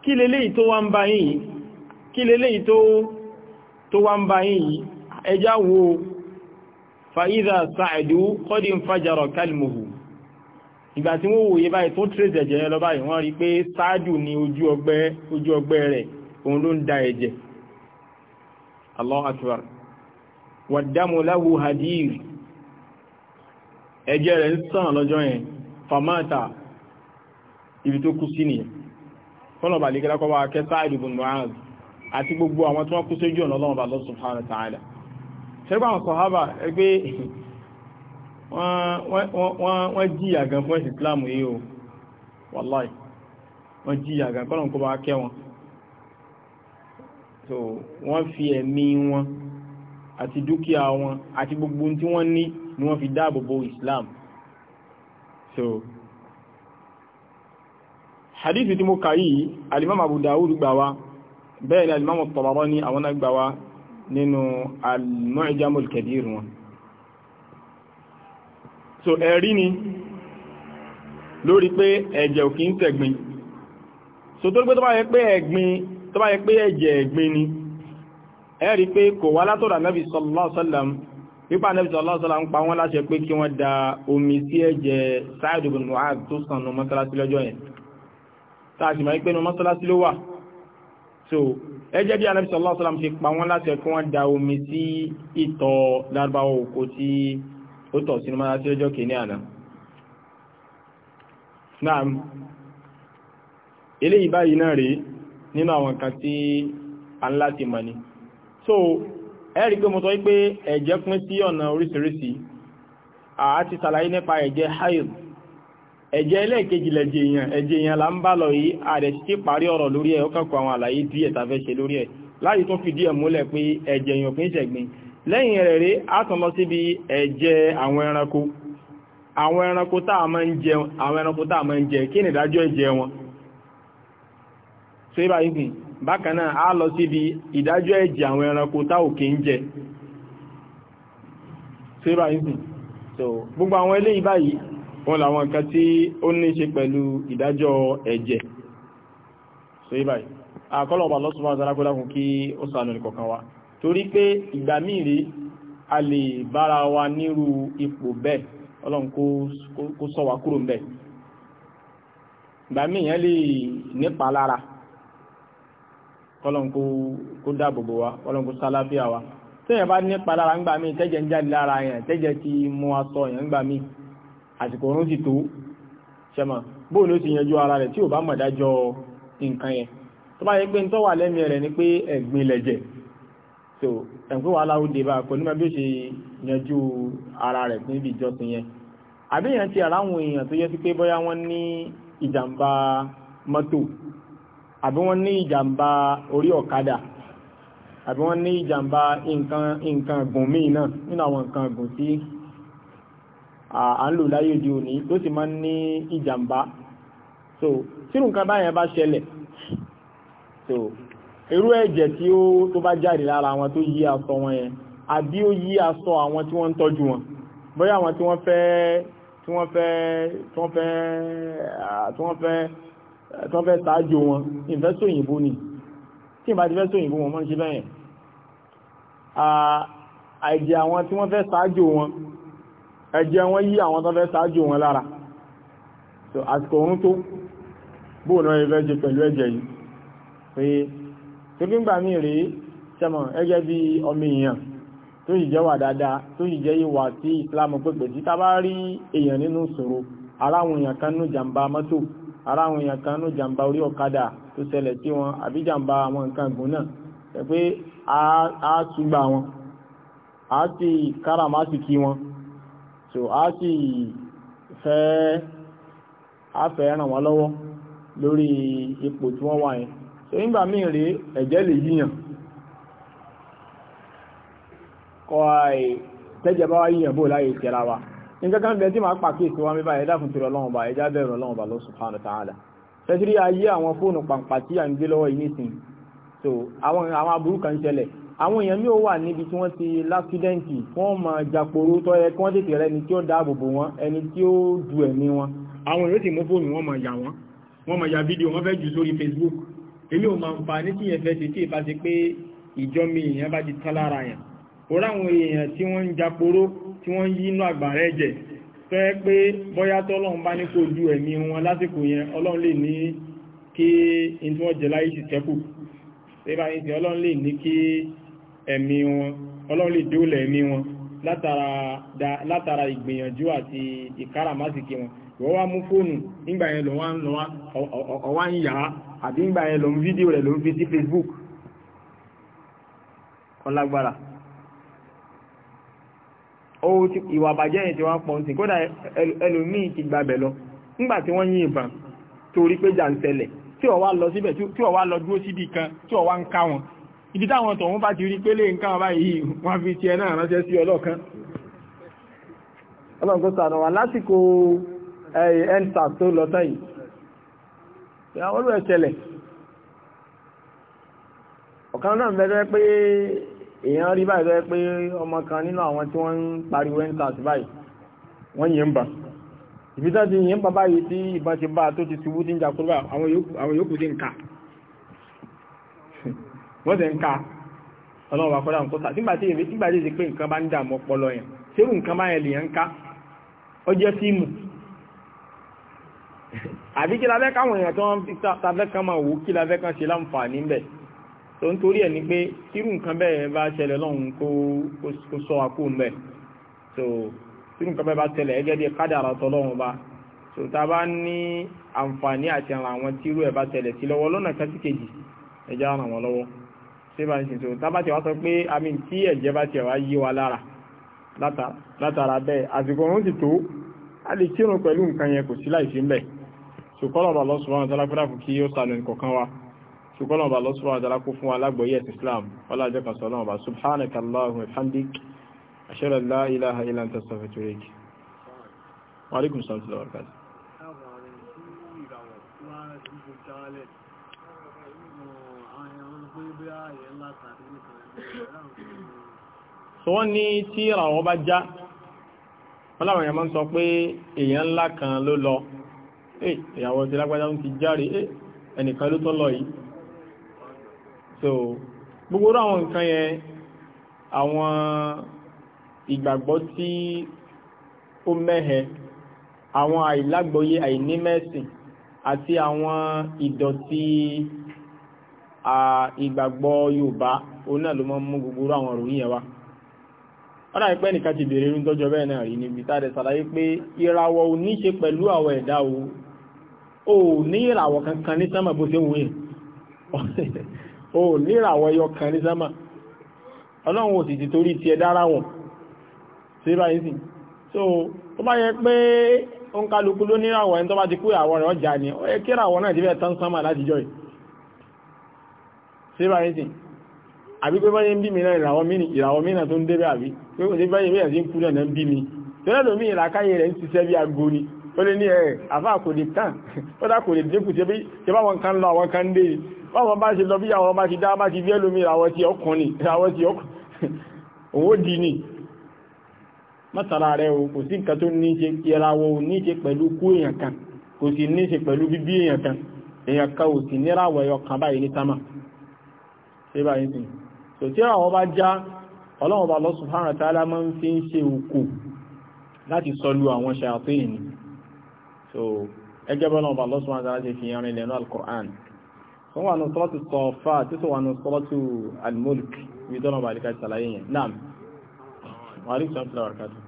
[SPEAKER 1] kí lè léyìí tó wá ń bá yìí kí lè léyìí tó wá ń bá yìí ẹjá wo fa'íza sa'adu kọ́dín fàjọrọ̀ kalmuhu ìgbà tí wọ́n wòye báyìí tó tírèsì ẹ̀jẹ̀ lọ báyìí wọ́n rí pé sáájú ní ojú ọgbẹ́ ojú ọgbẹ́ rẹ̀ òun ló ń da ẹ̀jẹ̀ Allahu rẹ̀ ń sàn lọ́jọ́ yẹn famata ibi tó kú sí nìyẹn kọ́lọ̀bà lè gẹ́lá kọ́wàá kẹ́ Sa'id ibn Mu'adh àti gbogbo àwọn tí wọ́n kú sójú ọ̀nà ọlọ́run Allah subhanahu wa ta'ala ṣẹ́gbà àwọn sọ̀hábà ẹgbẹ́ wọ́n jìyà gan fún ẹ̀sìn Islam yìí o wàláì wọ́n jìyà gan kọ́lọ̀ kó bá kẹ́ wọn so wọ́n fi ẹ̀mí wọn àti dúkìá wọn àti gbogbo tí wọ́n ní ni wọ́n fi dáàbò bo Islam so hadithi tí mo kà yìí alimam abu dawud gbà wá bẹ́ẹ̀ ni alimam at-Tabarani àwọn gbà wá nínú al-Mu'jam al wọn so ẹ̀rí ni lórí pé ẹ̀jẹ̀ ò ń tẹ̀gbin so tó pé tó bá yẹ pé ẹ̀gbin tó bá yẹ pé ẹ̀jẹ̀ ẹ̀gbin ni ẹ̀rí pé kò wá látọ̀dọ̀ pípa nẹ́bí sọ̀lá ọ̀sọ́lá ń pa wọ́n láṣẹ pé kí wọ́n da omi sí ẹ̀jẹ̀ Sa'id ibn Mu'adh tó sàn nù mọ́sálásí lọ́jọ́ yẹn táàsì máa ń pé nù mọ́sálásí ló wà so ẹjẹ́ bí anẹ́bí sọ̀lá ọ̀sọ́lá ṣe pa wọ́n láṣẹ kí wọ́n da omi sí ìtọ̀ lárúbáwọ̀ òkú tí ó tọ̀ sínú mọ́sálásí lọ́jọ́ kìíní àná náà eléyìí báyìí náà rèé nínú àwọn kan tí a ń láti mọ̀ ni so ẹ̀rí pé mo sọ pé ẹ̀jẹ̀ pín sí ọ̀nà oríṣiríṣi a ti ṣàlàyé nípa ẹ̀jẹ̀ haid ẹ̀jẹ̀ ẹlẹ́ẹ̀kejì lẹ̀jẹ̀ èèyàn ẹ̀jẹ̀ èèyàn là ń bá lọ yìí ààrẹ sí parí ọ̀rọ̀ lórí ẹ̀ ó kàkọ àwọn àlàyé díẹ̀ tàfẹ́ a tún lọ síbi ẹ̀jẹ̀ àwọn ẹranko àwọn ẹranko tá a máa ń jẹ bákan náà a lọ síbi ìdájọ́ ẹ̀jẹ̀ àwọn ẹranko tá òkè ń jẹ síra ìsìn so gbogbo àwọn eléyìí báyìí wọn làwọn nǹkan tí ó ní ṣe pẹ̀lú ìdájọ́ ẹ̀jẹ̀ so ìbáyìí àkọlọ̀bà lọ́sùnmọ́ àzárákọ́lákùn kí ó sànà nìkọ̀kan wa torí pé ìgbà míì a lè bára wa nírú ipò bẹ́ẹ̀ ọlọ́run kó sọ wa kúrò ń bẹ̀ ìgbà míì lè nípa lára kọ́lọ́n kó dáàbòbò wa kọ́lọ́n kó sálábíà wa tẹ́yẹ̀ bá nípa lára ń gbà mí tẹ́jẹ̀ ń jáde lára yẹn tẹ́jẹ̀ ti mú aṣọ yẹn ń gbà mí àsìkò oorun ti tó ṣẹmọ bóun ló ti yanjú ara rẹ̀ tí ò bá mọ̀ dájọ́ nǹkan yẹn tó bá yẹ pé nítorí wà lẹ́mìí rẹ̀ ni pé ẹ̀gbin lẹ̀jẹ̀ so ẹ̀gbin wàhálà ó dé bá a kò ní ma bí ó ṣe yanjú ara rẹ̀ fún ìjọsìn yẹn àbí yẹn ti ara èèyàn tó yẹ sí pé bóyá wọ́n ní ìjàmbá mọ́tò àbí wọ́n ní ìjàmbá orí ọ̀kadà àbí wọ́n ní ìjàmbá nǹkan gùn míì náà nínú àwọn nǹkan gùn tí à ń lò láyé òde òní tó sì máa ń ní ìjàmbá so sírù nǹkan báyẹn bá ṣẹlẹ̀ so irú ẹ̀jẹ̀ tí ó tó bá jáde lára àwọn tó yí aṣọ wọn yẹn àbí ó yí aṣọ àwọn tí wọ́n ń tọ́jú wọn bóyá àwọn tí wọ́n fẹ́ tí wọ́n fẹ́ tí wọ́n fẹ́ tán fẹ́ ṣáájú wọn ìfẹ́sọ̀ òyìnbó ni tí ìbá ti fẹ́ sóyìnbó wọn mọ́ ṣe bẹ́yẹn àìjẹ àwọn tí wọ́n fẹ́ ṣáájú wọn ẹ̀jẹ̀ wọn yí àwọn tán fẹ́ ṣáájú wọn lára so àsìkò oorun tó bóòná ẹ̀fẹ́ jẹ pẹ̀lú ẹ̀jẹ̀ yìí pé torí ń gbà mí rèé sẹ́mọ̀ ẹgẹ́ bí ọmọ èèyàn tó sì jẹ́ wà dáadáa tó sì jẹ́ ìwà tí Islam rí ara àwọn èèyàn kan ní jàǹbá orí ọ̀kadà tó ṣẹlẹ̀ sí wọn àbí jàǹbá àwọn nǹkan ìgbò náà ẹ pé a túgbà wọn a ti káràmásìkí wọn so a ti fẹ́ a fẹ́ ràn wọ́n lọ́wọ́ lórí ipò tí wọ́n wà so nígbà míì rí ẹ̀jẹ̀ lè yíyàn kọ́ ẹ̀ tẹ́jẹ̀ bá wá yíyàn bó láyé ìṣẹ́ra wa nǹkan kan bẹ̀ẹ́ tí máa pàkíyèsí wa mẹ́bàá ẹ̀dá fún tìrọ ọlọ́run bá ẹjá bẹ̀rù ọlọ́run bá lọ subhanahu wa ta'ala ayé àwọn fóònù pàǹpà tí à ń gbé lọ́wọ́ yìí nìsín so àwọn àwọn aburú kan ṣẹlẹ̀ àwọn èèyàn ní ó wà níbi tí wọ́n ti lásídẹ́ǹtì wọ́n máa jàpòrò tọ́ ẹ kí wọ́n tètè rẹ ẹni tí ó dáàbò bò wọ́n ẹni tí ó du ẹ̀mí wọn àwọn èèyàn ti mú fóònù wọn máa yà wọn wọn máa ya fídíò wọn fẹ́ jù sórí Facebook èmi ò máa ń fa ní tí yẹn fẹ́ ṣe tí ìbá pé ìjọ mi èèyàn bá ti tán lára yẹn òrá àwọn èèyàn tí wọ́n ń jàpòrò tí wọ́n yí inú àgbàrá ẹ̀jẹ̀ tó yẹ pé bóyá tọ́lọ́run bá ní kó ju ẹ̀mí wọn lásìkò yẹn ọlọ́run lè ní kí in tí wọ́n jẹ láyé sì tẹ́kù ẹbá ní ti ọlọ́run lè ní kí ẹ̀mí wọn ọlọ́run lè dóòlẹ̀ ẹ̀mí wọn látara ìgbìyànjú àti ìkáràmásìkí wọn wọ́n wá mú fóònù nígbà yẹn lọ wọ́n lọ ọwá ọlágbára ìwà bàjẹ́ ti wá pọ̀ sí kódà ti gbabẹ̀ lọ nígbà wọ́n yìn ìbọn torí pé jà tí ó lọ kan tí ń ká ibi táwọn tọ̀hún bá ti rí pé lè ń ká wọn báyìí wọ́n fi tiẹ̀ náà ránṣẹ́ sí ọlọ́kan ọlọ́run kó sànà èèyàn rí báyìí bẹ́ẹ̀ pé ọmọ kan nínú àwọn tí wọ́n ń pariwo endsars báyìí wọ́n yìí ń bà ibi tán ti yìí ń bà báyìí tí ìbọn ti bá tó ti ṣubú tí ń jakúrò àwọn yòókù sí nǹka wọ́n sì ń ka ọlọ́run àkọ́dá nǹkan èsì pé nǹkan bá ń dààmú ọpọlọ yẹn sẹ́rù tó ń torí ẹ̀ ní pé tírù nǹkan bẹ́ẹ̀ bá ṣẹlẹ̀ lọ́hùn kó sọ àkó ń so tírù nǹkan bẹ́ẹ̀ bá ṣẹlẹ̀ ẹgẹ́ bí kádàrà tọ́ lọ́hùn bá so tá a bá ní àǹfààní àti àwọn àwọn tírù ẹ̀ bá ṣẹlẹ̀ sí lọ́wọ́ lọ́nà kan sí kejì ẹja ràn wọ́n lọ́wọ́ ṣé bá ń ṣe so tá a bá ti wá sọ pé àmì tí ẹ̀jẹ̀ bá ti wá yí wa lára látara bẹ́ẹ̀ àsìkò òun ti tó a lè kírun pẹ̀lú nǹkan yẹn kò sí láì fi ń bẹ̀ ṣùkọ́ lọ́sùn wọn tọ́lá fúdáfù kí ó sàlẹ̀ nǹkan kan wa ṣùgbọ́n ọba lọ́sùwọ́n àdára kó fún alágbòye ẹ̀sìn Islam ọlájẹ́ kan sọ́lọ́wọ́n ọba subhanaka allahumma hamdik ashhadu an la ilaha illa anta astaghfiruka wa alaikum salaam wa barakatuh so wọ́n ní tí ìràwọ̀ bá já wọ́n láwọn èèyàn máa ń sọ pé èèyàn ńlá kan ló lọ èèyàn wọ́n ti lágbájá ń ti járe ẹnìkan ló tọ́ lọ yìí so gbogbo àwọn nǹkan yẹn àwọn ìgbàgbọ́ tí ó mẹ́hẹ àwọn àìlágbọ́yé àìnímẹ́sìn àti àwọn ìdọ̀tí ìgbàgbọ́ Yorùbá òun náà ló mọ́ mú gbogbo àwọn ìròyìn yẹn wá ọ́nà ìpẹ́ nìkan ti bèèrè ń tọ́jọ bẹ́ẹ̀ náà rí níbi tàbí sàlàyé pé ìràwọ̀ ò ní ṣe pẹ̀lú àwọ̀ ẹ̀dá o ò ní ìràwọ̀ kankan ní sánmà bó ṣe wù o níràwọ̀ ẹyọ kan ní sámà ọlọ́run ò sì ti torí ti ẹ̀dá ara sí báyìí sí so tó bá yẹ pé ó ń kálukú ló níràwọ̀ ẹni tó bá ti kú ìràwọ̀ rẹ̀ ọjà ni ó yẹ kí ìràwọ̀ náà ti fẹ́ tán sámà látijọ́ yìí sí báyìí sí àbí pé báyìí ń bí mi náà ìràwọ̀ mí ìràwọ̀ mí náà tó ń débẹ̀ àbí pé kò sí báyìí bẹ́ẹ̀ sí ń kú náà ń bí mi tẹ́lẹ̀ lómi ìlàkáyé rẹ̀ ń ṣiṣẹ́ bí aago ni ó lé ní ẹ̀ àfáà kò lè tán ó dá kò lè dínkù tí bá wọn kan lọ àwọn kan dé báwọn bá ṣe lọ bí àwọn bá ti dá bá ti bí ẹlòmí àwọn ti ọkùnrin àwọn ti ọkùnrin owó dì ní mọ́tàrà rẹ̀ o kò sí nǹkan tó ní ṣe ìrawọ̀ ò ní ṣe pẹ̀lú kú èèyàn kan kò sì ní ṣe pẹ̀lú bíbí èèyàn kan èèyàn kan àwọn ṣe òkò láti so ẹgẹ́ bọ́lọ́run bá lọ subhanahu wa ta'ala fi yanrin lẹ́nu al-Qur'an wọ́n wà ní sọ́lọ́tù sọ̀fà tí tó wà ní sọ́lọ́tù al-mulk ibi tọ́nà bá àríkà ìsàlàyé yẹn náà
[SPEAKER 2] wà rí sọ́lọ́tù àríkàtù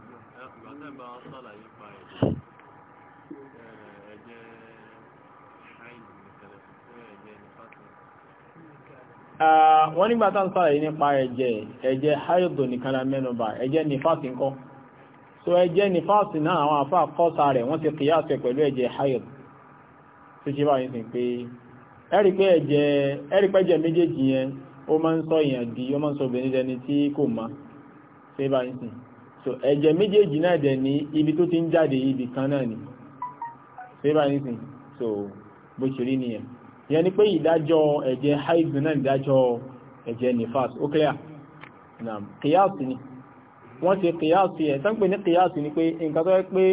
[SPEAKER 1] wọ́n nígbà tán sàlàyé nípa ẹ̀jẹ̀ ẹ̀jẹ̀ haidu nìkan mẹ́nubà ẹ̀jẹ̀ nífàsì ńkọ́ so ẹ̀jẹ̀ nífàsì náà àwọn àfáà kọ́sà rẹ̀ wọ́n ti kìyà pẹ̀lú ẹ̀jẹ̀ haidu tó ṣe báyìí sí pé ẹ̀rìpẹ́jẹ̀ méjèèjì yẹn ó máa ń sọ di ó ma ń sọ obìnrin dẹni tí kò ma ṣé ń sìn so ẹ̀jẹ̀ méjèèjì náà dẹ̀ ní ibi tó ti ń jáde kan náà ni ṣé ń sìn so bó ṣe rí nìyẹn ni pé ìdájọ́ ẹ̀jẹ̀ náà ìdájọ́ ẹ̀jẹ̀ nifas ó clear na kìyàsì ni wọ́n ṣe kìyàsì ẹ̀ tán ní ni pé nǹkan tó yẹ pé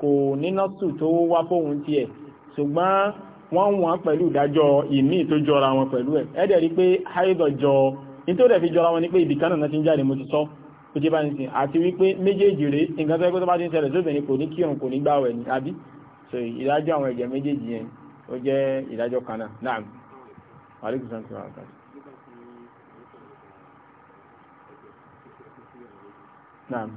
[SPEAKER 1] kò ní nọ́ọ̀sù tó wá fóun tiẹ̀ wọ́n wọ́n pẹ̀lú ìdájọ́ ìmí tó jọra wọn pẹ̀lú ẹ̀ ẹ̀dẹ̀ rí pé haidọ̀ jọ nítorí fi jọra wọn ni pé ibì kan náà ti ń jáde mo ti sọ ó ti bá ní sìn àti wípé méjèèjì rèé nǹkan tó yẹ so ìdájọ́ àwọn ẹ̀jẹ̀ méjèèjì yẹn ó jẹ́ ìdájọ́ kan náà náà
[SPEAKER 2] naam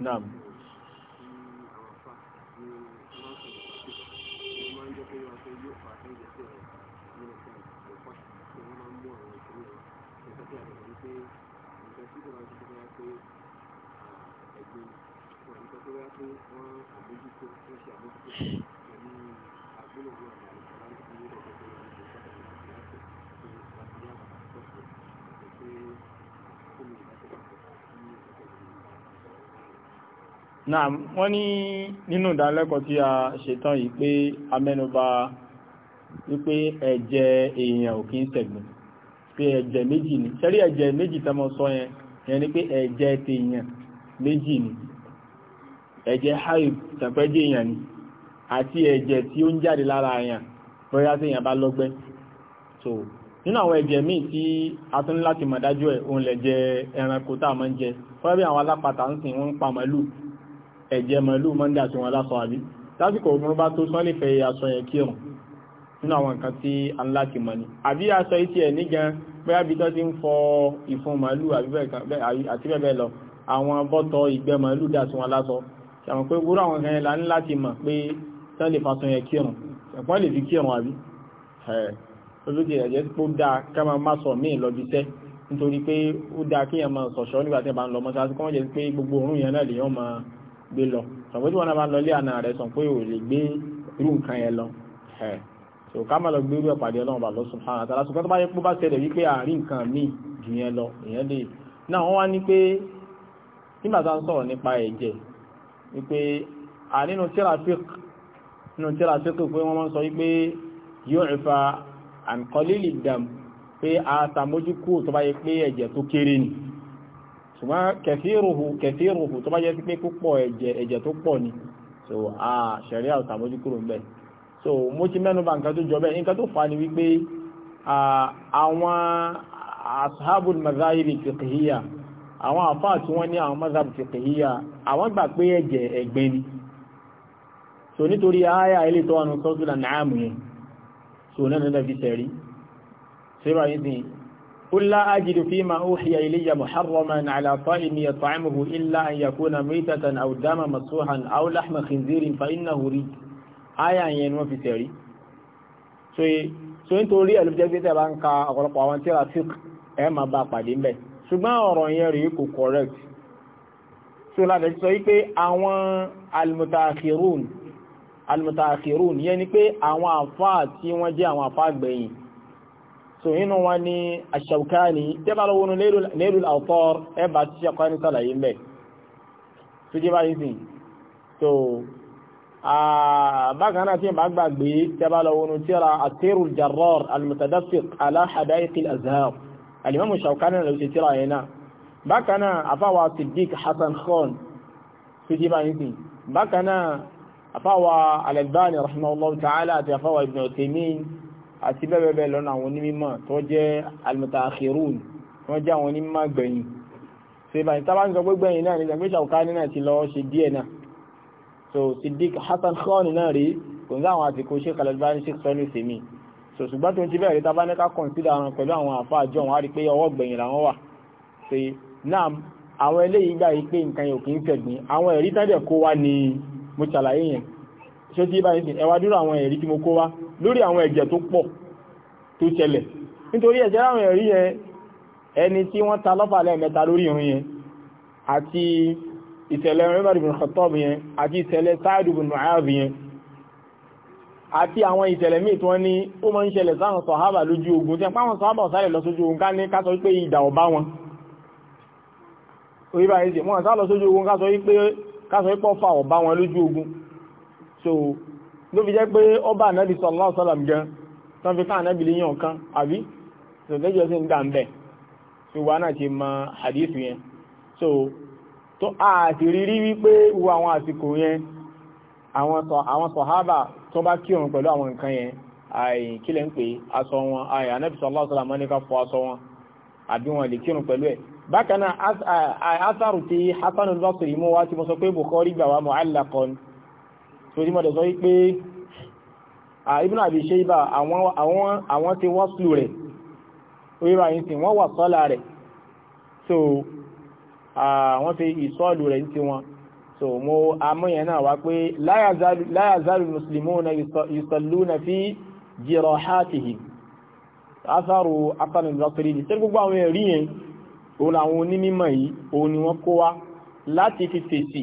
[SPEAKER 2] Naam. Thank you.
[SPEAKER 1] náà wọ́n ní nínú ìdálẹ́kọ̀ọ́ tí a ṣetán yìí pé a mẹ́nubà wípé ẹ̀jẹ̀ èèyàn ò kí ń ṣẹ̀gbìn pé ẹ̀jẹ̀ méjì ni ṣẹ́rí ẹ̀jẹ̀ méjì tẹ́mọ sọ yẹn yẹn ni pé ẹ̀jẹ̀ tèèyàn méjì ni ẹ̀jẹ̀ haib tẹ̀pẹ́jẹ̀ èèyàn ni tí ó ń jáde lára èèyàn bóyá tí èèyàn bá lọ́gbẹ́ so nínú àwọn ẹ̀jẹ̀ míì tí a tún ní láti mọ̀ dájú ẹ̀ òun lẹ̀jẹ̀ ẹranko tá a jẹ fọ́nrán àwọn alápatà ń sìn wọ́n ń pa màlúù ẹ̀jẹ̀ mọ̀lú mọ́ndà tí wọ́n lásọ àbí lásìkò ogun bá tó sán nífẹ̀ẹ́ aṣọ yẹn kírun nínú àwọn nǹkan tí a ń láti mọ̀ ni àbí aṣọ etí ẹ̀ ní gan bóyá bí tó ti ń fọ ìfun màálù àti bẹ́ẹ̀ bẹ́ẹ̀ lọ àwọn bọ́tọ̀ ìgbẹ́ màálù dà tí wọ́n lásọ ṣàmọ̀ pé wúrọ̀ àwọn kan la ní láti mọ̀ pé tán lè fa sọyẹn kírun ẹ̀pọ́n lè fi kírun àbí olóde ẹ̀jẹ̀ tó dáa ká máa má sọ míì lọ́bi iṣẹ́ nítorí pé ó dáa kéèyàn máa sọ̀ṣọ́ nígbà tí wọ́n bá ń lọ mọ́ṣáláṣí kọ́mọ́jẹ́ pé gbogbo òórùn yẹn náà lèèyàn máa gbé lọ sọ̀pọ̀ tí wọ́n náà bá lọ lé àna rẹ̀ sọ pé ò lè gbé irú nǹkan yẹn lọ ẹ̀ tó ká má lọ gbé irú ẹ̀pàdé ọlọ́run bàbá subhanahu wa ta'ala sọ̀pọ̀ tó bá yẹ kó bá ṣẹlẹ̀ wípé àárín nǹkan míì jù yẹn lọ ìyẹn lè náà wọ́n wá ní pé nígbà tá a sọ̀rọ̀ nípa ẹ̀jẹ̀ wípé ànínú tírafík nínú tírafík pé wọ́n máa ń sọ wípé yóò ẹ̀fà àǹkọ́lélì dàm pé àtàmójúkú tó bá yẹ pé ẹ̀jẹ̀ tó kéré ni ṣùgbọ́n kẹfíruhu kẹfíruhu tó bá jẹ́ sí pé púpọ̀ ẹ̀jẹ̀ ẹ̀jẹ̀ tó pọ̀ ni so a ṣẹ̀ríà àtàmójú kúrò ń bẹ̀ so mo ti mẹ́nu bà nǹkan tó jọ bẹ́ẹ̀ nǹkan tó fà ní wípé àwọn ashabul mazahibi fiqhiyya àwọn àfáà tí wọ́n ní àwọn mazhab fiqhiyya àwọn gbà pé ẹ̀jẹ̀ ẹ̀gbẹ́ ni so nítorí àyà ilé tó wà nù sọ́tùlà náà mú yẹn so náà nílẹ̀ fi tẹ̀rí síra yìí قل لا أجد فيما أوحي إلي محرما على طائم يطعمه إلا أن يكون ميتة أو دم مصوحا أو لحم خنزير فإنه ريج آية ينوى في سيري سوي سوي نتوري ألف جاكي تبان كا أغلق وان تيرا فيق أما باقا دين بي ṣùgbọ́n ọ̀rọ̀ yẹn rí kò correct so láti sọ wípé àwọn almutaakhirun almutaakhirun yẹn ni pé àwọn àfáà tí wọ́n jẹ́ àwọn so inú wọn ni aṣàwùkáni tẹ́bàlá wọnú Nailul Awtar ẹbà tí ṣàkọ́ ní sàlàyé mẹ́ tó jẹ́ bá yìí so bákan náà tí ń bá gbàgbé tẹ́bàlá wọnú tíra At-Tayrul Jarrar al-Mutadaffiq ala Hada'iq al-Azhar al-Imam Shawkani ló ṣe tíra yẹn náà bákan náà afáwa Siddiq Hasan Khan tó jẹ́ bá yìí bákan náà afáwa Al-Albani rahimahullahu ta'ala àti afáwa Ibn Uthaymeen àti bẹ́ẹ̀ bẹ́ẹ̀ lọ́nà àwọn onímọ̀ tó jẹ́ al-mutaakhirun tó jẹ́ àwọn onímọ̀ gbẹ̀yìn so ìbàyìn tá bá ń sọ pé gbẹ̀yìn náà ní ìgbà pẹ́sà Shaukani ti lọ ṣe díẹ̀ náà so Siddiq Hasan Khani náà rí kò ní àwọn àsìkò Sheikh Al-Albani Sheikh sọ́nù sèmi so ṣùgbọ́n tó ń ti bẹ́ẹ̀ rí tá bá ní ká consider àwọn pẹ̀lú àwọn àfa àjọ wọn á rí pé ọwọ́ gbẹ̀yìn làwọn wà so náà àwọn eléyìí ni mo ṣàlàyé yẹn ṣé tí báyìí lórí àwọn ẹ̀jẹ̀ tó pọ̀ tó ṣẹlẹ̀ nítorí ẹ̀jẹ̀ láwọn ẹ̀rí yẹn ẹni tí wọ́n ta lọ́fà lẹ́ẹ̀mẹ́ta lórí ìrun yẹn àti ìṣẹ̀lẹ̀ Umar ibn Khattab yẹn àti ìṣẹ̀lẹ̀ Sa'd ibn Mu'adh yẹn àti àwọn ìṣẹ̀lẹ̀ míì tí wọ́n ní ó máa ń ṣẹlẹ̀ sáwọn sọ̀hábà lójú ogun tí àwọn sọ̀hábà sáré lọ sójú ogun ká ní so ló fi jẹ́ pé ọba ànábì sallallahu alaihi wasallam gan tán fi ká ànábì lè yàn kan àbí ṣòtẹ́jọ́ sí ń dà ń bẹ̀ tí wà náà ti mọ hadith yẹn so tó àti rírí wípé wo àwọn àsìkò yẹn àwọn sọ̀hábà tó bá kírun pẹ̀lú àwọn nǹkan yẹn àì kílẹ̀ ń pè aṣọ wọn àì ànábì sallallahu alaihi wasallam ní ká fọ aṣọ wọn àbí wọn lè kírun pẹ̀lú ẹ̀ bákan náà asáàrù ti Hasan al-Basri mú wá tí mo sọ pé Bukhari gbà wá mu'allaqan torí mọ́dẹ̀ sọ wípé Ibn Abi Shayba àwọn ti wọ́n sùlù rẹ̀ oríra yìí sí wọ́n wà sọ́lá rẹ̀ so wọ́n ti ìsọ́lù rẹ̀ ti wọn so mo amóyẹn náà wá pé la yazalu muslimuna yusalluna fi jirahatihim asaru asanul Basri ní sẹ́gbogbo àwọn ẹ̀rí yẹn òun àwọn onímọ̀ yìí òun ni wọ́n kó wá láti fi fèsì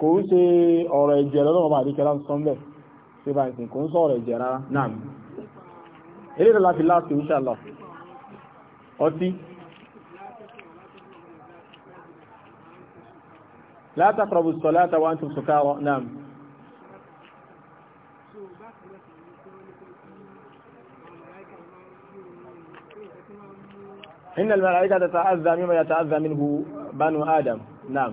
[SPEAKER 1] kò ń ṣe ọ̀rọ̀ ẹ̀jẹ̀ lọ́wọ́ máa àdíkẹ́ láti sọ́ńbẹ̀ ṣe bá ìsìn kò ń sọ ọ̀rọ̀ ẹ̀jẹ̀ rárá náà eré rẹ̀ láti láti inshallah ọtí la taqrabu as-salata wa náà inna al naam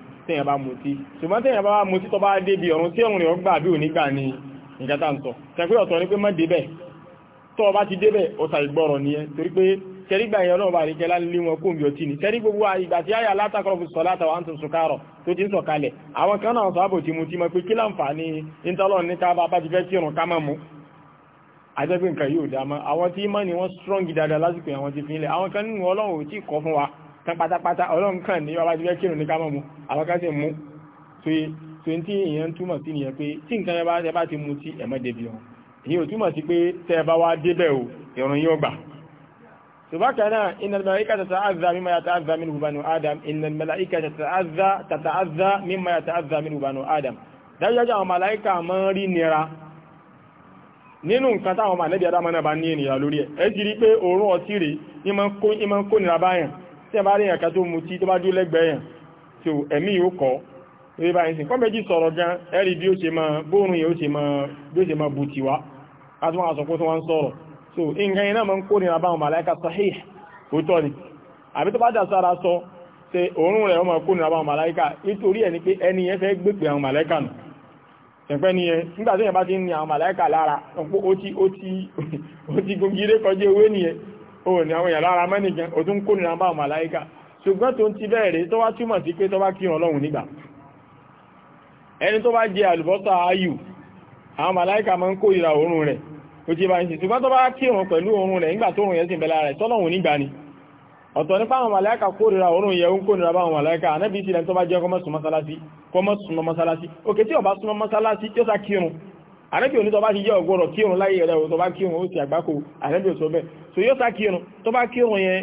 [SPEAKER 1] tẹ́yàn bá mutí ṣùgbọ́n tẹ́yàn bá mutí tó bá débi ọ̀run tí ọ̀run rẹ̀ gbà bí onígbà ni ìjátà ń sọ tẹ́gbé ọ̀tọ̀ ní pé mọ́ débẹ̀ tó bá ti débẹ̀ ọ̀sà ìgbọ́rọ̀ ni ẹ torí pé tẹ́rígbà yẹn ọlọ́run bá rí kẹ́lá lé wọn kó mi ọtí ni tẹ́rí gbogbo ìgbà tí àyà látàkọ́ fi sọ látàwọn àǹtí sùkárọ̀ tó ti ń sọ̀kalẹ̀ àwọn kan náà sọ́bò tí mo ti mọ̀ pé kí láǹfààní ìntọ́lọ́run ní ká bá ti kan pátápátá ọlọ́run kàn ní ọba ti fẹ́ kírun ní ká mọ́ mu àwọn kan sì mú tó tí èèyàn túmọ̀ sí nìyẹn pé tí nǹkan ẹ bá ẹ bá ti mu tí ẹ̀mọ́ débi wọn èyí ò túmọ̀ sí pé tẹ́ ẹ bá wá débẹ̀ o ìrun yóò gbà subhanahu inna al-malaika tata'azza mimma yata'azza minhu banu adam inna al-malaika tata'azza tata'azza mimma yata'azza adam dájúdájú àwọn màláíkà mọ́ rí nira nínú nǹkan táwọn màlẹ́bí adámọ́ náà bá ní ènìyàn lórí ẹ̀ ẹ́ ti rí pé òórùn ọtí rèé ní máa ń kó nira báyàn tí ẹ bá rí ẹ̀ka tó mutí tó bá dúró lẹ́gbẹ̀ẹ́ yẹn tó ẹ̀mí yóò kọ́ lórí báyìí sìn kọ́mẹ́jì sọ̀rọ̀ gan ẹ̀rí bí ó ṣe máa bóòrùn yẹn ṣe máa bí ó ṣe máa bu tiwa láti wọn àsọ̀kó tó wọn ń sọ̀rọ̀ ni àbí tó bá dà sára sọ ṣe òórùn rẹ̀ ọmọ kó nira báwọn màláìka nítorí ẹ̀ ni pé ẹni yẹn fẹ́ gbé pé àwọn màláìka nù ṣẹ̀pẹ́ ni yẹn nígbà tí yẹn bá o ní àwọn èèyàn lára mẹ́nìkan o tún kó nira bá àwọn màláíkà ṣùgbọ́n tó ń ti bẹ̀rẹ̀ tó wá túmọ̀ sí pé tó bá kírun ọlọ́run nígbà ẹni tó bá jẹ àlùbọ́sà ayù àwọn màláíkà máa ń kó ìra òórùn rẹ̀ kò ti bá ń sì ṣùgbọ́n tó bá kírun pẹ̀lú òórùn rẹ̀ nígbà tó rùn yẹn sì bẹ̀lá rẹ̀ tọ́lọ́run nígbà ni ọ̀tọ̀ nípa àwọn màláíkà kórìíra àrẹ́bí òní tó bá ti jẹ́ ọ̀gọ́rọ̀ kírun láyé rẹ̀ tó bá kírun ó ti àgbákò àrẹ́bí ò sọ bẹ́ẹ̀ so yóò sá kírun tó bá kírun yẹn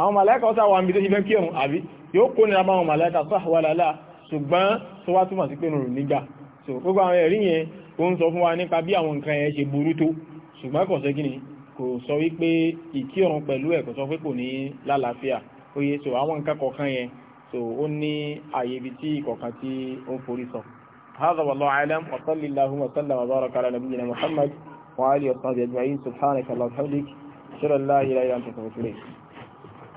[SPEAKER 1] àwọn màláíkà ó sáwọn àmì tó ti fẹ́ kírun àbí yóò kó nira bá àwọn màláíkà sáwàlálà ṣùgbọ́n tó wá túmọ̀ sí pé nù nígbà so gbogbo àwọn ẹ̀rí yẹn ó ń sọ fún wa nípa bí àwọn nǹkan yẹn ṣe burú tó ṣùgbọ́n kò sẹ́gìn kò sọ wípé ìkírun pẹ̀lú ẹ̀ kò sọ pé kò ní lálàáfíà ó yẹ so àwọn nǹkan kọ̀ọ̀kan yẹn so ó ní àyè ibi tí ìkọ̀ọ̀kan tí ó forí sọ هذا والله أعلم وصل اللهم وسلم وبارك على نبينا محمد وعلي وصحبه أجمعين سبحانك اللهم وبحمدك أشهد أن لا إله إلا أنت أستغفرك